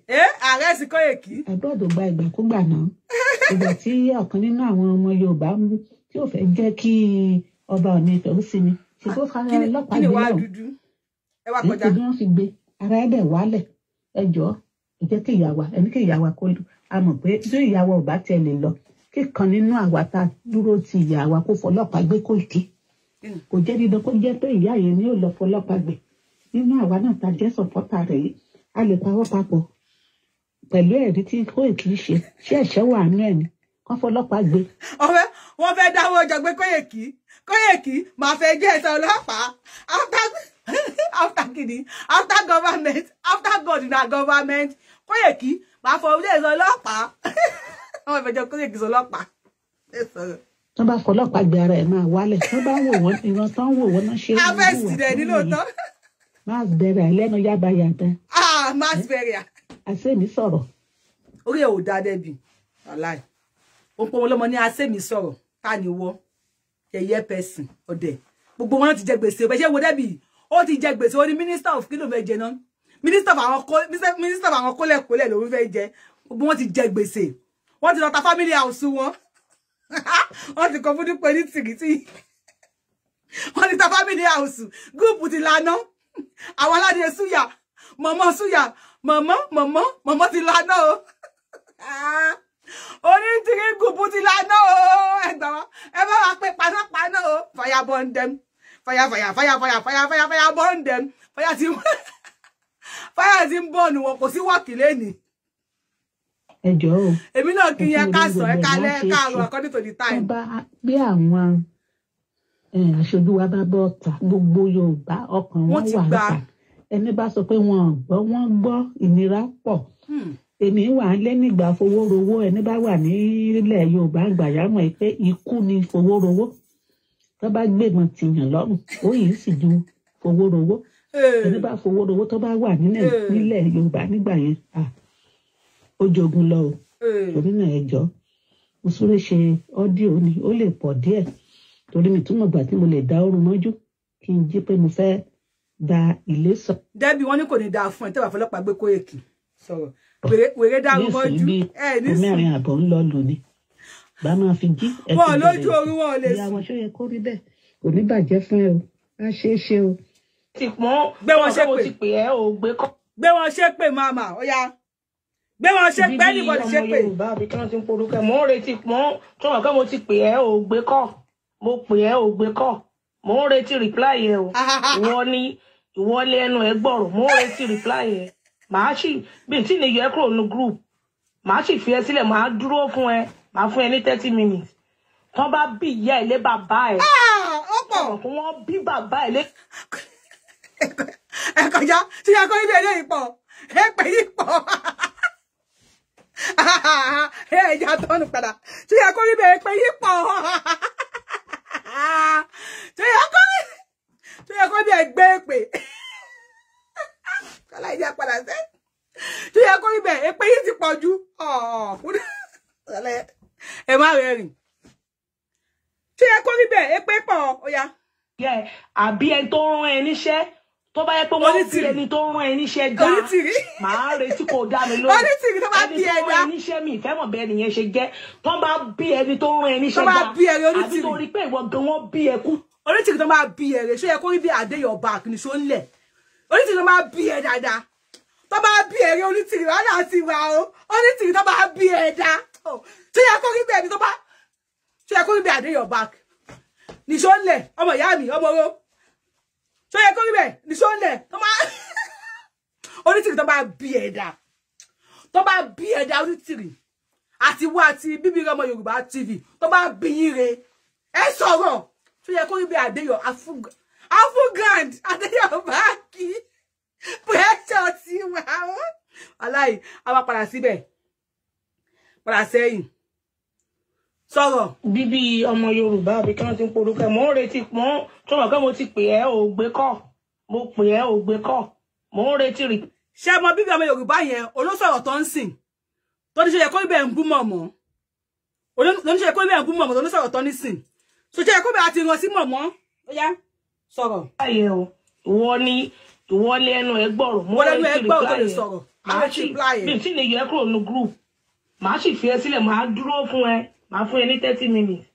Eh, ààrẹ sì Kóyèkí. ẹ gbọ́dọ̀ gba ìgbàkúgbà náà ìgbà tí ọ̀kan nínú àwọn ọmọ Yorùbá tí ò fẹ́ jẹ́ kí ọba ọ̀nà ìtọ̀ ń sinmi ṣùgbọ́n fara ọlọ́pàá gbé lọ nítorí wọ́n fi gbé ara ẹ̀ dẹ̀ ẹ jọ ẹ jẹ́ kí ìyàwó ẹni kí ìyàwó kó lù a mọ̀ pé tí ìyàwó ọba tiẹ̀ lè lọ kí kan nínú àwa tá dúró ti ìyàwó kó fọlọ́pàá gbé Kóyèkí kò jẹ́ dídán kó jẹ́ pé ìyá yẹn ni ó lọ fọlọ́pàá gbé nínú àwa náà ta jẹ́ sọ̀pọ́tà rẹ̀ yìí a lè pawọ́ papọ̀ pẹ̀lú ẹ̀rí tí Koiki ṣe ṣé ẹ̀ṣẹ̀ wà nú ẹ̀ ni wọ́n fọlọ́pàá gbé.
ọ̀fẹ́ wọ́n fẹ́ dáwọ́ ọjọ́ gbé Koiki Koiki máa fẹ́ jẹ́ ẹ̀sẹ̀ ọlọ́pàá after after kini after government after God na government Koiki máa fọ ilé ẹ̀sẹ̀ ọlọ́pàá wọ́n fẹ́ jẹ́ Koiki sọ ọlọ́pàá
tó bá fọlọ́pàá gbé ara ẹ̀ máa wálẹ̀ tó bá wò wọ́n ìran tó ń
wò wọ́n náà ṣe é wọ́n wò wọ́n nílò tán. máa bẹ̀rẹ̀ lẹ́nu yábayàbẹ. Ah, máa bẹ̀rẹ̀ àṣẹmí sọ̀rọ̀. orí ẹ ò dá débi aláì ó ń pọ́n ọlọ́mọ ní àṣẹmí sọ̀rọ̀ ta ni wọ́ yẹyẹ pẹ̀sìn ọ̀dẹ̀ gbogbo wọn ti jẹ gbèsè ọbẹ̀ ṣé wo débi ó ti jẹ gbèsè ó ní minister of kilo fẹ́ jẹ náà minister of àwọn kólẹ̀kólẹ̀ lòún fẹ́ jẹ gbogbo wọn ti jẹ gbèsè wọ́n ti lọ ta family house wọn wọ́n ti kọ fún dípò ní tìrìtì wọ́n ti ta family house gúùpù ti lana àwọn aládìẹ súyà Mama súyà mọ̀mọ́ mama, mama, ti laná o ah. onítìrí gùbù ti laná o ẹgbà wa ẹ bá wa pé panápaná o fàyà fire, fire, fire, fire, fire, fire fàyà fàyà bọ́ndẹ́m fàyà ti fàyà ti ń bọ̀ nù wọn kò sí wọ́ọ̀kì lẹ́nìí ẹjọ o èmi náà kí yẹn ká sọ ẹ ká lẹ ká rọ according to the time.
bí àwọn aṣojú wa bá bọ́ ọ̀tà gbogbo yorùbá ọkàn wọn wà ọ̀tà ẹni bá sọ pé wọn gbọ́ wọn gbọ́ ìnira pọ̀ hmm. èmi wà lé nígbà fowórowó ẹni bá wà nílẹ̀ Yorùbá gbàyàmọ ẹ pé ikú ni fowórowó tó bá gbẹmọ tìyàn lọ́rùn ó yìí sì ju fowórowó eh. ẹni bá fowórowó tó bá wà nílẹ̀ eh. Yorùbá nígbà yẹn ó jogun lọ o eh. torí náà ẹ jọ mo súré ṣe ọ́díò ni ó lè pọ̀ díẹ̀ torí mi túmọ̀ gbà tí mo lè dá oorun mọ́jú
kí n jí pé mo fẹ́ẹ́ da ilé sọ. dẹ́bi wọn ní kò ní dáa fún ẹ tẹ́wà fọlọ́pàá gbé kóyèkì sọ̀rọ̀ wèrè dárú mọ́jú ẹ nísìnyí. mẹ́rin àbọ̀ ń lọ lò ní
bá máa fi jí. wọn lójú oorun wọn ò lè sùn. ìyá
wọn ṣó yẹ kó rí bẹ́ẹ̀
kò ní bàjẹ́ fún ẹ o á ṣe é ṣe o.
ti pọn gbé wọn ṣe pé ẹ ò gbé kọ. gbé wọn ṣe pé màmá ọ̀ya gbé wọn ṣe pé ẹnìbọdì ṣe pé. ibi ọmọ yorùbá àbí tí wọn ti ń porúkẹ mò ń retí pọn tí wọn kọ mo ti pè ẹ ò gbé kọ mo pè ẹ ò gbé kọ mò ń retí rìpláì ẹ o wọn ní ìwọlé ẹnu ẹ gbọrọ mo ń retí reply ẹ màá sì bìntì ni yọ ẹ kúrò nínú group màá sì fi ẹ sílẹ̀ màá dúró fún ẹ màá fún ẹ ní thirty minutes tán bá bí ìyá ẹ lé bàbá ẹ ọ̀rọ̀ ah, kí wọ́n bí bàbá ẹ lé. ẹ kọjá tí a kọ́ níbi eléyìí pọ̀ ẹ pè yí pọ̀ ẹ ẹja tọ́nu padà tí a kọ́ níbi ẹ pè yí pọ̀ tí a kọ́ níbi tó yẹ kó bí ẹ gbé èpè kọ́lá ìjà padà sẹ́ tó yẹ kó ibẹ̀ èpè yìí ti pọ̀ ju ẹ má rẹ̀ rìn tó yẹ kó ibẹ̀ èpè pọ̀ ó yá. àbí ẹni tó rán ẹ níṣẹ́ tó bá yẹ pé wọ́n fi ẹni tó rán ẹni iṣẹ́ dá màá retí kò dá mi lórí ẹni tó rán ẹni iṣẹ́ mi ìfẹ́ mọ̀ bẹ́ẹ̀ nìyẹn ṣe jẹ́ tó bá bí ẹni tó rán ẹni iṣẹ́ dá àbí torí pé ìwọ gan wọ́n bí ẹ kú onítìrì tó máa bí ẹ̀rẹ̀ ṣó yẹ kó rí bí àdé your back ni ṣó ń lẹ̀ onítìrì tó máa bí ẹ̀ dáadáa tó bá bí ẹ̀rẹ̀ onítìrì wàhálà ti wà o onítìrì tó bá bí ẹ̀ dá oh, ṣó yẹ kó rí bí ẹni tó bá ṣó yẹ kó rí bí àdé your back ni ṣó ń lẹ̀ ọmọ ìyá mi ọmọ oró ṣó yẹ kó rí bẹ́ẹ̀ ni ṣó ń lẹ̀ tó máa onítìrì tó bá bí ẹ̀ dá tó bá bí ẹ̀ dá onítìrì àti wá àti bíbí ọmọ Yorùbá TV tó bá bí yín re ẹ sọ̀rọ̀ tó yẹ kó ibi àdéyọ afugand àdéyọ báàkì pẹ́ẹ́sọ̀ ti wà ó aláì àwa padà síbẹ̀ padà sẹ́yìn sọ̀rọ̀. bíbí ọmọ yorùbá àbí kí wọ́n ti ń porúkọ mò ń retí mò ń tọrọ pé mo ti pè ẹ́ ò gbé kọ́ mo pè ẹ́ ò gbé kọ́ mò ń retí rè. ṣé ọmọ bíbí ọmọ yorùbá yẹn olóṣòro tó ń sìn tó ní ṣe yẹ kó ibẹ̀ ń bú mọ̀ mọ́ olóṣòro yẹ kó ibẹ̀ ń bú mọ̀ mọ́ tó ní sọ̀rọ̀ tó ní sìn so ṣe kó bẹ àti ràn sí mọ̀mọ́ ó yá sọ̀rọ̀. báyìí o ìwọ ni ìwọ lé ẹnu ẹ gbọrọ mo lẹnu ẹ gbọrọ tó lè sọ̀rọ̀ màá sì bí tí lè yọ ẹ kúrò ní group màá sì fi ẹ sílẹ̀ màá dúró fún ẹ màá fún ẹ ní thirty minutes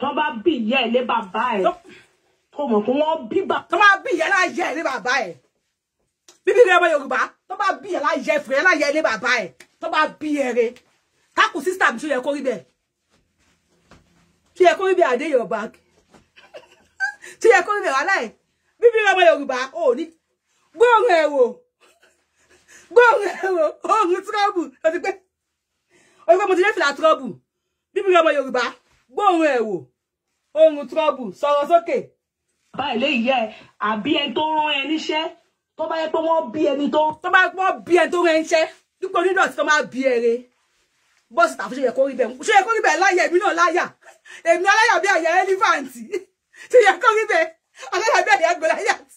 tó bá bí ìyá ẹ lé bàbá ẹ tó mọ̀ pé wọ́n bí bàbá. tó bá bí ìyá láyé ẹ lé bàbá ẹ bíbí rẹ ọmọ Yorùbá tó bá bí ìyá láyé ẹ fún ẹ láyé ẹ lé bàbá ẹ tó bá bí ẹ rẹ kákù sísítà mi tó yẹ kó rí bẹ́ẹ̀ ṣé yẹ kó bíbí àdé yorùbá ṣé yẹ kó bíbí wàhálà ẹ bíbí ọmọ yorùbá ò ní gbóòrùn ẹ wò gbóòrùn ẹ wò òòrùn tírọ́bù lọ́dún pé orí pé mo ti lé fìlà tírọ́bù bíbí ọmọ yorùbá gbóòrùn ẹ wò òòrùn tírọ́bù sọ̀rọ̀ sókè. báyìí lè yẹ àbí ẹni tó rán ẹ níṣẹ́ tó bá yẹ pé wọ́n bí ẹni tó. tó bá yẹ pé wọ́n bí ẹni tó rán ẹ níṣẹ́ dípò onídọ̀tí tó máa bí ẹre bọ́ọ̀sì tàfúnṣe yẹ kó rí bẹ́ẹ̀ ṣe yẹ kó rí bẹ́ẹ̀ láyà èmi náà láyà èmi ọlọ́yà bí àyà ẹlífàǹtì tí yẹ kó wípé ọlọ́yà bí àyà goliath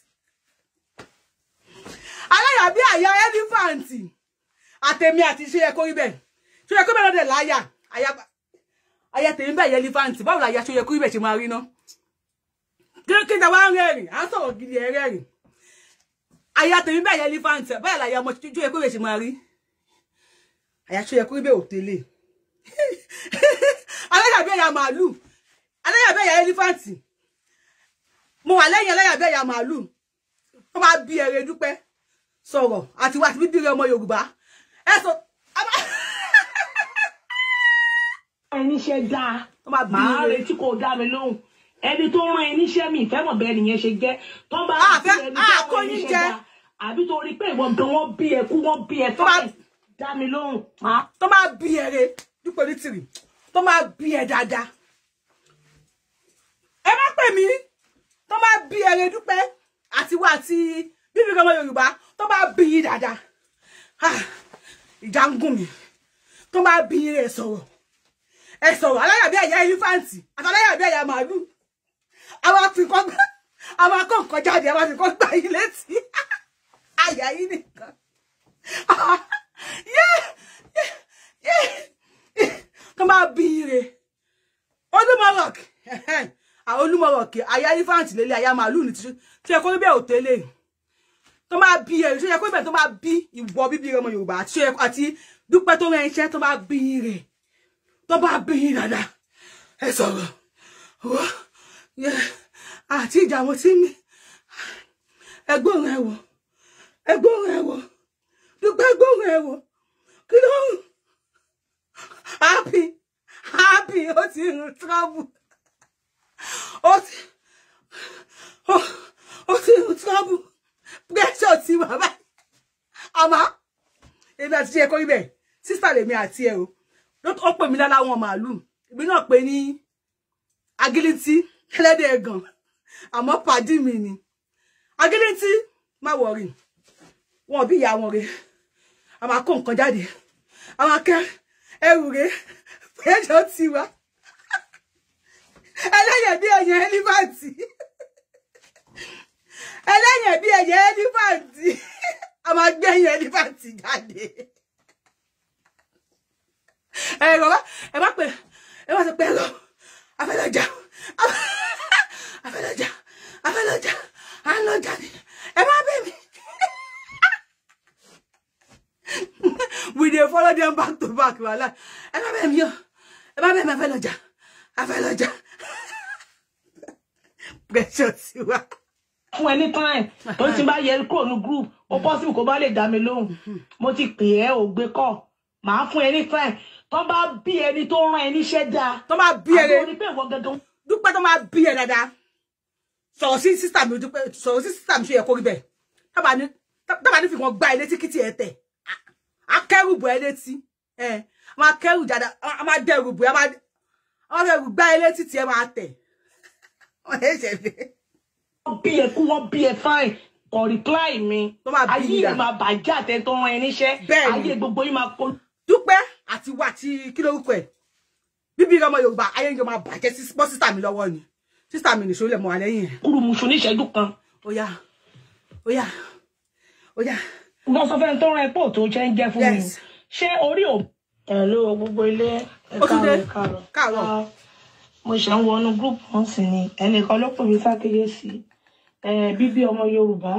ọlọ́yà bí àyà ẹlífàǹtì àtẹ̀mí àti ṣe yẹ kó wípé ṣe yẹ kó bẹ̀rẹ̀ dẹ̀ láyà àyà tèmi bẹ̀ yẹ ẹlífàǹtì báwo làyà ṣe yẹ kó wípé ṣe máa rí ná kí ni wàá rẹ́rìn á sọ̀rọ̀ gidi ẹ̀ rẹ́rìn àyà tèmi bẹ̀ yẹ ẹlífàǹtì báyà làyà ọmọ ṣe yẹ kó wípé ṣe máa rí aláyàbẹ̀yà màálù aláyàbẹ̀yà ẹlífàǹtì mo wà lẹ́yìn aláyàbẹ̀yà màálù wọ́n máa bi ẹ̀rẹ̀ dúpẹ́ sọ̀rọ̀ àti wà àti bíbí rẹ̀ ọmọ yorùbá ẹ sọ. ẹni ṣe dáa màá retí kò dá mi lóhùn ẹni tó rán ẹni ṣẹ́ mi ìfẹ́ mọ̀ bẹ́ẹ̀ nìyẹn ṣe jẹ́ tó ń bá ah, ẹni ah, tó rán ẹni ṣe dáa àbí tó rí pé ìwọ̀n gan wọ́n bí ẹ kú wọ́n bí ẹ fẹ́ dá mi lóhùn. tó máa bí ẹ̀rẹ̀ dúpẹ́ ní tìrì tó máa bí ẹ dáadáa ẹ dupe. pè mí tó máa bí ẹrẹ dúpẹ́ àtiwá àti bíbí ọmọ yorùbá tó máa bí i dáadáa ìjà ń gùn mí tó máa bí i rẹ sọ̀rọ̀ ẹ sọ̀rọ̀ aláyàbí ẹ̀yà ẹlífàǹtì àtàláyàbí ẹ̀yà màálù àwọn àfikọ́ gbá àwọn akọ́kọ́ jáde àwọn àfikọ́ gbá ilé tí àyà yìí nìkan. yeah, yeah, yeah tó máa bí ire A àwọn olúmọ̀rọ̀k aya elephant lélẹ̀ aya màálù ní títí tó yẹ kó ló bẹ́ẹ̀ òtélé tó máa bí ire tó yẹ kó bẹ́ẹ̀ tó máa bí ìwọ bíbí ire ọmọ Yorùbá àti dúpẹ́ tó rẹ iṣẹ́ tó máa bí ire tó máa bí ire dáadáa ẹ sọ̀rọ̀ àti ìjà wọn tí ní ẹgbọ́n rẹ wọ ẹgbọ́n rẹ wọ dúpẹ́ ẹgbọ́n rẹ happy happy ó ti in trouble ó ti ó ti in trouble pressure ti wà báyìí àmọ́ èmi àti ṣe ẹ̀kọ́ ibẹ̀ sísà lèmi àti ẹ̀ o ó pè mí lára wọn màálù èmi náà pè ní agiliti ẹlẹ́dẹ̀ ẹ̀gàn àmọ́ pàdí mi ni Agility. má wọ̀rì wọn bí ìyá wọn rè a máa kó nǹkan jáde a máa ẹrù rẹ péjọ ti wá ẹlẹ́yẹ̀ bí ẹyẹ ẹlífàǹtì ẹlẹ́yẹ̀ bí ẹyẹ ẹlífàǹtì a máa gbé ẹyẹ ẹlífàǹtì jáde ẹ̀rọ wa ẹ má pè ẹ má sọ pé ẹ̀rọ afẹ́lọ́jà afẹ́lọ́jà afẹ́lọ́jà à ń lọ jáde ẹ má bẹ̀ mí we dey follow them back to back wàhálà ẹ má bẹ̀ mí o ẹ má bẹ̀ mí afẹ́ lọ́jà afẹ́ lọ́jà pressure sí wa. fún ẹni time tó ti bá yẹ kúrò ní group ó possible kó bá lè dá mi lóhùn mo ti pè é ò gbé call màá fún ẹni time tó bá bí ẹni tó rán ẹni iṣẹ́ dáa tó bá bí ẹni àbúrò ní pé ìwọ gangan. dúpẹ́ tó máa bí ẹ dáadáa sọ̀rọ̀ sí sísà mi dúpẹ́ sọ̀rọ̀ sí sísà mi ṣe yẹ kó rí bẹ́ẹ̀ tábà ní fi wọn gba ilé tíkìtì ẹ tẹ̀ akẹ́rùbọ̀ ẹ létí ẹ àwọn akẹ́rù jàdá a máa dẹrùbọ̀ ẹ máa àwọn ẹrù gbá ẹ létí tí ẹ máa tẹ̀ wọ́n ẹ ṣẹ̀ bẹ́ẹ̀. wọ́n bí ẹ kú wọ́n bí ẹ fáìn kò rìpláì mi ayé yìí máa bàjẹ́ àtẹ̀tọ́ wọn ẹ níṣẹ́ ayé gbogbo yìí máa kó. dúpẹ́ àti wà tí kí lórúkọ ẹ̀ bíbí ọmọ yorùbá ayé ń jọ máa bàjẹ́ bọ́ sísà mi lọ́wọ́ ni sísà mi nìṣó lẹ̀ mọ́ alẹ́ yìí. kúrú musu níṣẹ́jú kan. ó yá ó yá ó lọ sọ fẹ́ni tó rán epo tó jẹ́ ń jẹ́ fún mi ṣé orí ò. ẹ̀ló gbogbo ilé ẹ̀kárọ̀ ẹ̀kárọ̀ ah, mo ṣe ń wọnú gúrúùpù wọn sì ni ẹnìkan ló pè mí sákèyèsí bíbí ọmọ yorùbá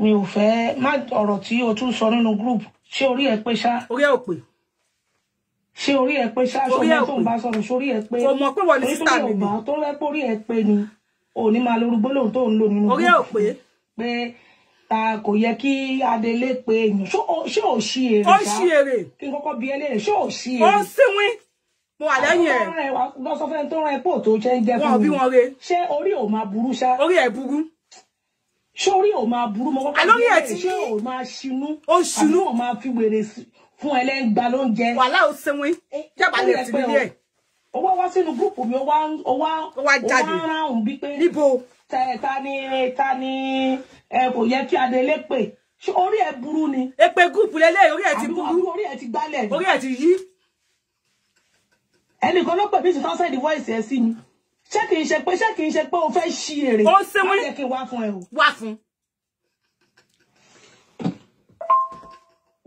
mi ò fẹ́ má ọ̀rọ̀ tí o tún sọ nínú gúrúùpù ṣé orí ẹ pé ṣá. orí ẹ ò pé. ṣé orí ẹ pé ṣá ṣọmọ tó ń bá sọ̀rọ̀ sórí ẹ pé. o mọ pé wọlé sísá mi ni. tó ń rẹ́ pé orí ẹ pé ni òní máa lórúgbó lòun tó ń lò nínú. orí pé ta kò yẹ kí adelé pe èèyàn ṣé ò ṣí èrè ṣá ó ṣí èrè kí n kọ́kọ́ bí ẹlẹ́rìí ṣé ò ṣí èrè ó síwín mo wà lẹ́yìn ẹ̀ lọ́sọ̀ fẹ́ tó rán epo tó jẹ́ jẹ́ fún mi wọn bí ṣé orí ò máa burú ṣá orí ẹ̀ burú ṣé orí ò máa burú mo kọ́kọ́ bí ẹlẹ́rìí ṣé ò máa ṣinú ó ṣinú ò máa fi wèrè fún ẹlẹ́gbà lóúnjẹ wàhálà ó síwín jábàá lè ti nílé ẹ̀ ó wá sínú gúrùpù mi ó wá ó wá ó níbo ta ni ta ni ẹ kò yẹ kí adelé pè orí ẹ burú ni. èpè gúùpù lélẹ̀ orí ẹ ti burú orí ẹ ti gbálẹ̀ ni orí ti yí. ẹnìkan ló pè mí sí tán sẹ́ẹ̀dì voice ẹ sí mi ṣé kì í ṣe pé ṣé kì í ṣe pé o fẹ́ ṣí èrè ó ṣe wọ́n yẹ kí n wá o. wá fún.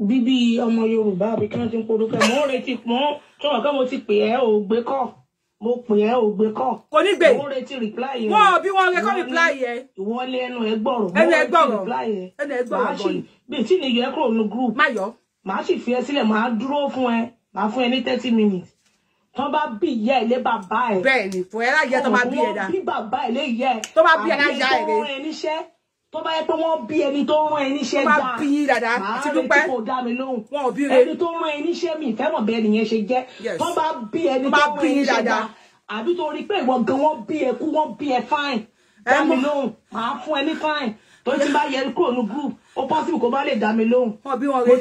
bíbí ọmọ Yorùbá àbí kí wọ́n ti ń polúkẹ́ mò ń retí pọ́n mo ti pè ẹ́ ò gbé kọ́ mo pè ẹ́ ò gbé kọ́. kò ní gbé ìwọ
retí reply yẹn. wọ́n bí wọ́n rekọ́ reply
yẹn. ìwọ lé ẹnu ẹ ẹnu ẹ ẹnu ẹ gbọ̀rọ̀ gbọ̀rọ̀ bíi tí nìyọ ẹ kúrò ní group. má yọ. màá sì fi ẹ sílẹ̀ màá dúró fún ẹ màá fún ẹ ní thirty minutes. tọ́ bá bí ìyá ẹ lé bàbá ẹ. bẹ́ẹ̀ni fún ẹ láyé tó bá bí ẹ dá. tó bá bí bàbá ẹ lé ìyá bá bí ẹ láyé ẹ rẹ. àbí tó rẹ níṣẹ́ tó bá yẹ pé wọ́n bí ẹni tó rán ẹni iṣẹ́ dáa máa bí dada àti dúpẹ́ wọn ò bí re ẹni tó rán ẹni iṣẹ́ mi ìfẹ́ràn bẹ́ẹ̀ nìyẹn ṣe jẹ́ tó bá bí ẹni tó rán ẹni iṣẹ́ dáa àbí tó rí pé ìwọ gan wọ́n bí ẹ kú wọ́n bí ẹ fáìn dá mi lóhùn máa fún ẹ ní fáìn tó ti bá yẹ kúrò ní group ó pọ́sibù kó bá lè dá mi lóhùn mo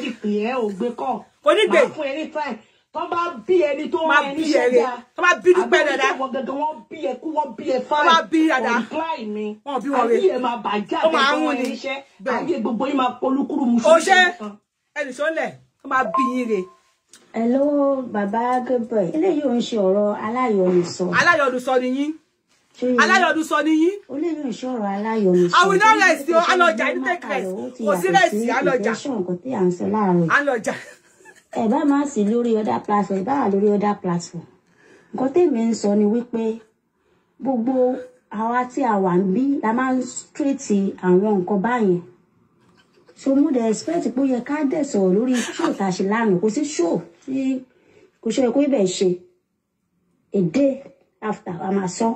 ti pè é ò kọ́ máa fún ẹ fáìn tó bá bí ẹni tó rán ẹni ṣẹ́jà tó bá bí dúpẹ́ dada àwọn gẹ́gẹ́ wọ́n bí ẹ kú wọ́n bí ẹ fáì wọ́n bí dada ọ̀nkláì mi wọ́n bí wọ́n rẹ̀ ayé ẹ máa bàjẹ́ àtẹ̀tọ́ ẹni iṣẹ́ ayé gbogbo yín máa polúkúrú mu sí iṣẹ́ kan. ẹnì sọ́lẹ̀ tó máa bí yín rè. hello bàbá Gabriel eléyìí ò ń ṣe
ọ̀rọ̀ aláyọ̀lùsọ. aláyọ̀lùsọ ni yín aláyọ̀dún
sọ ní yín. ó lè ní ìṣòro
aláyọ̀dún sọ. àwọn iná rẹ̀ sí ọ alọ́jà ní tẹ́kẹ̀ẹ́sì kò sí rẹ̀ sí alọ́jà. alọ́jà ẹ bá má sí lórí other platform ẹ bá wà lórí other platform nǹkan tèmi ń sọ ni wípé gbogbo àwa tí a wà níbí la máa ń tírètì àwọn nǹkan báyẹn so mo dẹ̀ expect pé ó yẹ ká dẹ̀ sọ̀rọ̀ lórí show tá a ṣe lánàá kò sí show tí kò ṣe kó ibẹ̀ ṣe a day after a máa sọ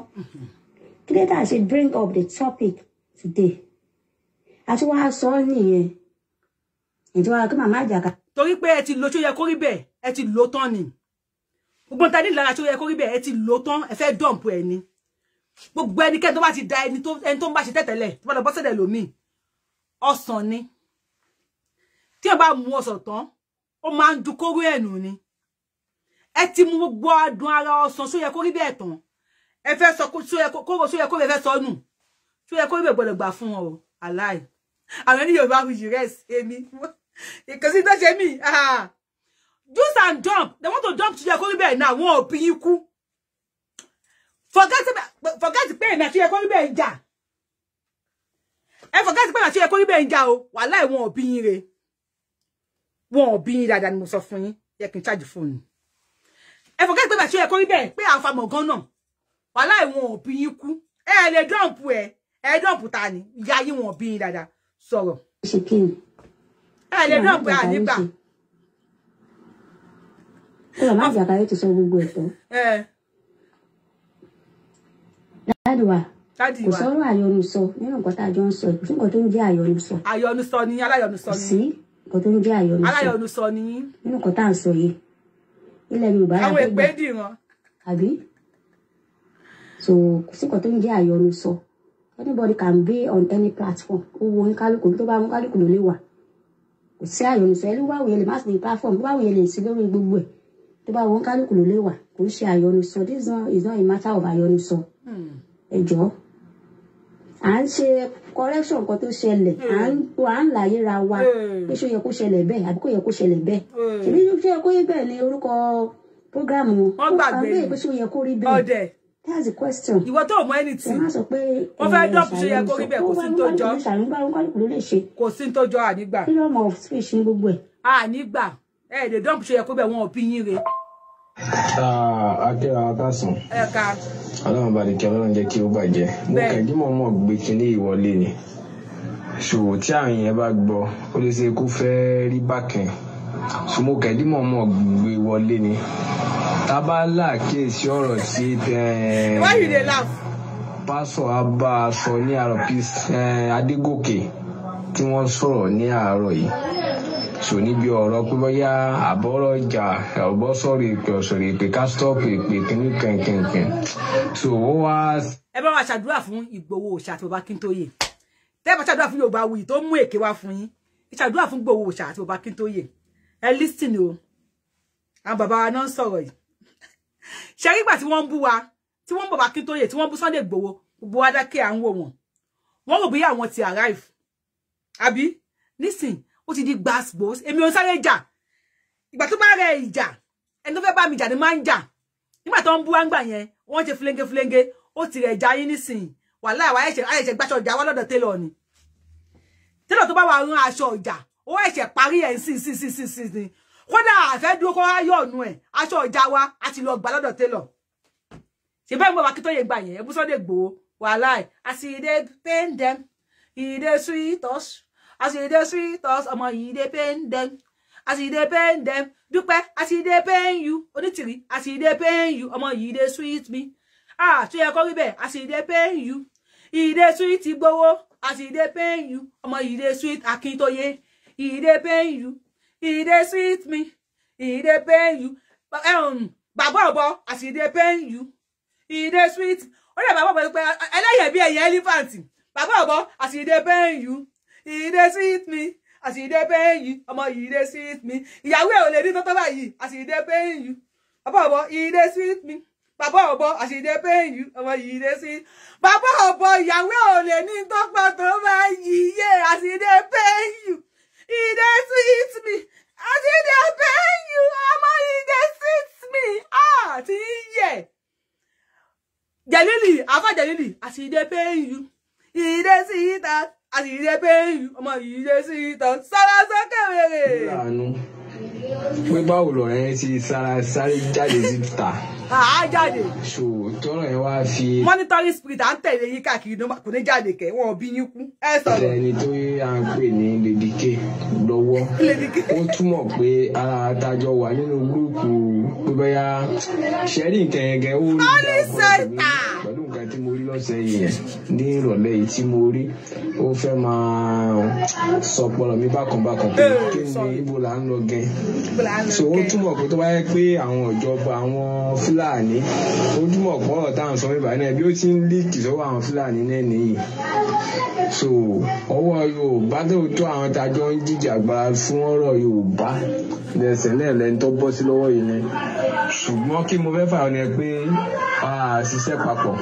kí ló dé tá a ṣe bring up the topic today àti wàá sọ nìyẹn ìjọba kí màmá ìjàkà.
torí pé ẹ ti lo tó yẹ kó rí bẹ́ẹ̀ ẹ ti lo tán ni gbogbo ta ní lára tó yẹ kó rí bẹ́ẹ̀ ẹ ti lo tán ẹ fẹ́ dọ̀m̀pù ẹ ni gbogbo ẹnikẹ́ni tó bá ti da ẹni tó ẹni tó ń bá ṣe tẹ̀tẹ̀lẹ̀ tó bá lọ bọ́sẹ̀dẹ̀ lómìn ọsàn ni tí ẹ bá mu ọsàn tán ó máa ń dun kóró ẹ̀nù ni ẹ ti mu gbogbo adùn ara ọsàn tó yẹ kó rí bẹ́ẹ̀ tán ẹ fẹ́ sọ kóró tó yẹ kó rí fẹ́ sọnù tó yẹ kó rí bẹ́ẹ̀ gbà fún ọ aláì àwọn ẹni Yorùbá fi jù rẹ́ẹ̀sì èmi. Because ìkànsí tó me. Ah, juice and jump. they want to jump to kórí bẹ́ẹ̀ náà wọn ò bí you cool. forget pé èmi àti ṣíṣe kórí bẹ́ẹ̀ ń jà ẹ forget pé èmi àti ṣíṣe kórí bẹ́ẹ̀ ń jà o wàhálà ẹ̀ wọn ò bí i re wọn ò bí i dáadáa ni mo can charge the phone. And n ṣáàjì fóònù ẹ forget pé èmi àti ṣíṣe kórí bẹ́ẹ̀ pé àfàmọ̀ gan náà wàhálà ẹ̀ wọn ò bí i kú ẹ lè dump ẹ ẹ dump ta ni ìyá yín wọn ò bí i dáadáa
ẹ lè dán pé ànígbà. ó bàbá àjàkáyé ti sọ gbogbo ẹ̀tọ́. dáàdì wa kò sọ̀rọ̀ àyọnusọ nínú nǹkan tá a jọ ń sọ kò sí nǹkan tó ń jẹ́ àyọnusọ.
àyọnusọ ni aláyọnusọ ni. kò sí
nǹkan tó ń jẹ́ àyọnusọ. aláyọnusọ ni. nínú nǹkan tá à ń sọ yìí ilẹ̀ Yorùbá làbẹ́gbà. àwọn èpè dì wọn. àbí so kò sí nǹkan tó ń jẹ́ àyọnusọ anybody can be on any platform ó wo oníkálukú tó bá mú kálukú ló lè wà kò sí àyọ̀nùsọ ẹni wáwo yẹn lè má sì ní platform wáwo yẹn lè sí lórí gbogbo ẹ̀ tó bá wọn kálukú ló lè wà kò ń àyọ̀nùsọ this is not a matter of àyọ̀nùsọ hmm. ẹ jọ̀ọ́ à ń ṣe correction kan tó ṣẹlẹ̀ à ń hmm. à ń láyé ra wa hmm. pé ṣó yẹ kó ṣẹlẹ̀ bẹ́ẹ̀ àbí kò yẹ kó ṣẹlẹ̀ bẹ́ẹ̀ ṣèlú ṣó yẹ kó yẹ bẹ́ẹ̀ ni orúkọ programu wọn gbàgbé pé ṣó yẹ kó rí bẹ́ẹ̀ That's the question. Ìwọ tó mọ anything. Ẹ má sọ pé. Wọ́n fẹ́ dọ́pù ṣe yẹ
kó rí bẹ́ẹ̀ kò sí tó jọ. Kò sí tó jọ ànígbà. Freedom of speech ní gbogbo ẹ̀. Ànígbà. Ẹ lè dọ́pù ṣe yẹ kó bẹ̀ wọn ò bí yín re.
Akẹ́ra Akásùn. Ẹ̀ka. Ọlọ́run bá ní kí Ọlọ́run jẹ́ kí ó bàjẹ́. Mo kàn jí mọ̀ mọ̀ gbé kinní ìwọlé ni. Ṣòwò tí àwọn èèyàn bá gbọ́, ó lè ṣe kó fẹ́ rí bákan so mo kẹ̀lé mọ̀ọ́mọ̀ gbé wọlé ni tábà làkèsí ọ̀rọ̀ sí pásọ̀ abá aṣọ ní àárọ̀ eh, adégòkè tí wọ́n sọ̀rọ̀ ní àárọ̀ yìí sò níbi ọ̀rọ̀ pé bóyá àbọ̀rọ̀ ìjà ọ̀bọ̀ sọ̀rọ̀ èpè ọ̀sọ̀rọ̀ èpè kásítọ́ọ̀pù èpè kínní kẹ̀kẹ̀kẹ̀ so ó wá.
ẹ bá wa ṣàdúrà fún Ìgbòho Òòṣà àti Bàbá Kíntóyè tẹ́ ẹ bá ṣàdúrà fún Yorùbá wuyì tó mú èké wá fún yín ìṣàdúrà fún Ìgbòho Òòṣà àti Bàbá Kíntóyè ẹ lísìn o àwọn bàbá wa náà ń sọ̀rọ̀ yìí ṣe nígbà tí wọ́n ń bú wa tí wọ́n ń bàbá Akíntóyè tí wọ́n ń bú Sunday Igboho gbogbo wa dákẹ́ à ń wò wọ́n wọ́n rò bóyá àwọn ti arrive àbí nísìn ó ti di gbàsgbòs èmi ò ń sáré jà ìgbà tó bá rẹ ìjà ẹni tó fẹ́ bá mi jà ni máa ń jà nígbà tó ń bú wáńgbà yẹn wọ́n ṣe fúlẹ́ńgé fúlẹ́ńgé ti rẹ̀ já yín nísìn wàhálà wa ẹ̀ṣẹ̀ gbàṣọ ọjà wa lọ́dọ̀ télọ̀ ni télọ̀ tó bá wa rán aṣọ ọjà ó ẹ̀ṣẹ̀ parí ẹ̀ sí sí sí sí sí ni kódà àfẹ́ dúró kó ráyọ̀ ọ̀nù ẹ̀ aṣọ ọjà wa a ti lọ gbà lọ́dọ̀ télọ̀ ṣe bẹ́ẹ̀ gbọ́ wa kí tó yẹ gbà yẹn ebú sọ́dẹ̀ gbòó wàhálà ẹ̀ as e dey pain dem e dey sweet us Asi e sweet us ọmọ yìí dey pain dem Asi e pain dem dúpẹ́ Asi e pain you onítìrí Asi e pain you ọmọ yìí dey sweet me ah tó yẹ kó rí bẹ́ẹ̀ as e pain you e dey sweet gbowó as e pain you ọmọ yìí dey sweet Akíntóyè e dey pain you e dey sweet me e dey pain you bàbá ọ̀bọ as e dey pain you e dey sweet ó dẹ̀ bàbá ọ̀bọ pé ẹlẹ́yẹ̀ bí ẹ̀yẹ elephant bàbá ọ̀bọ as e dey pain you e dey sweet me as e dey pain you ọmọ e dey sweet me ìyàwó ẹ̀ ò lè rí tó tó báyìí as e dey pain you bàbá ọ̀bọ e dey sweet me bàbá ọ̀bọ as e dey pain you ọmọ e dey sweet bàbá ọ̀bọ ìyàwó ẹ̀ ò lè ní tó pọ̀ tó báyìí yeah as e dey pain you. He does hit me. I didn't beg you. Àmọ́ he does hit me. Ah, ti yẹ. Jalili, Afa Jalili, as he dey pay you. He does hit that. As he dey pay you. Ọmọ he does hit that. Sára sókè wèrè.
Láàánú. Pé báwo lọ̀rẹ́ ti sára sáré jáde síta
àá jáde.
tọrọ ẹ wá fi.
monitoring spirit à ń tẹ̀lé yín káàkiri ló kò jáde kẹ́ wọ́n bí yín kú.
ẹ sọ̀rọ̀. ẹni tó yà ń pè ní Lady K lọ́wọ́ ó túmọ̀ pé ara àtàjọ wà nínú gúrúùpù bóyá ṣẹ́rí ìtẹ̀yẹ̀gẹ́ ó ń
dá pẹ̀lú
nǹkan tí mo rí lọ́sẹ̀ yẹn ní ìrọ̀lẹ́ yìí tí mo rí ó fẹ́ máa sọpọlọ mi bákan pé kí ni ibo là ń lọ gẹ so ó túmọ̀ pé tó bá yẹ pé àwọn ìjọba àwọn fúlẹ̀ fúlàní ó túmọ̀ pọ́nrọ̀ táwọn sọ bíbá náà bí ó ti ń líìkì sọ́wọ́ àwọn fúlàní náà nìyí so ọwọ́ yorùbá tó tó àwọn tajọ́ ń jìjàgbara fún ọ̀rọ̀ yorùbá lẹ́sẹ̀ náà lẹ́ni tó bọ́ sí lọ́wọ́ yìí ni ṣùgbọ́n kí mo fẹ́ fà ọ́ ni pé a ṣiṣẹ́ papọ̀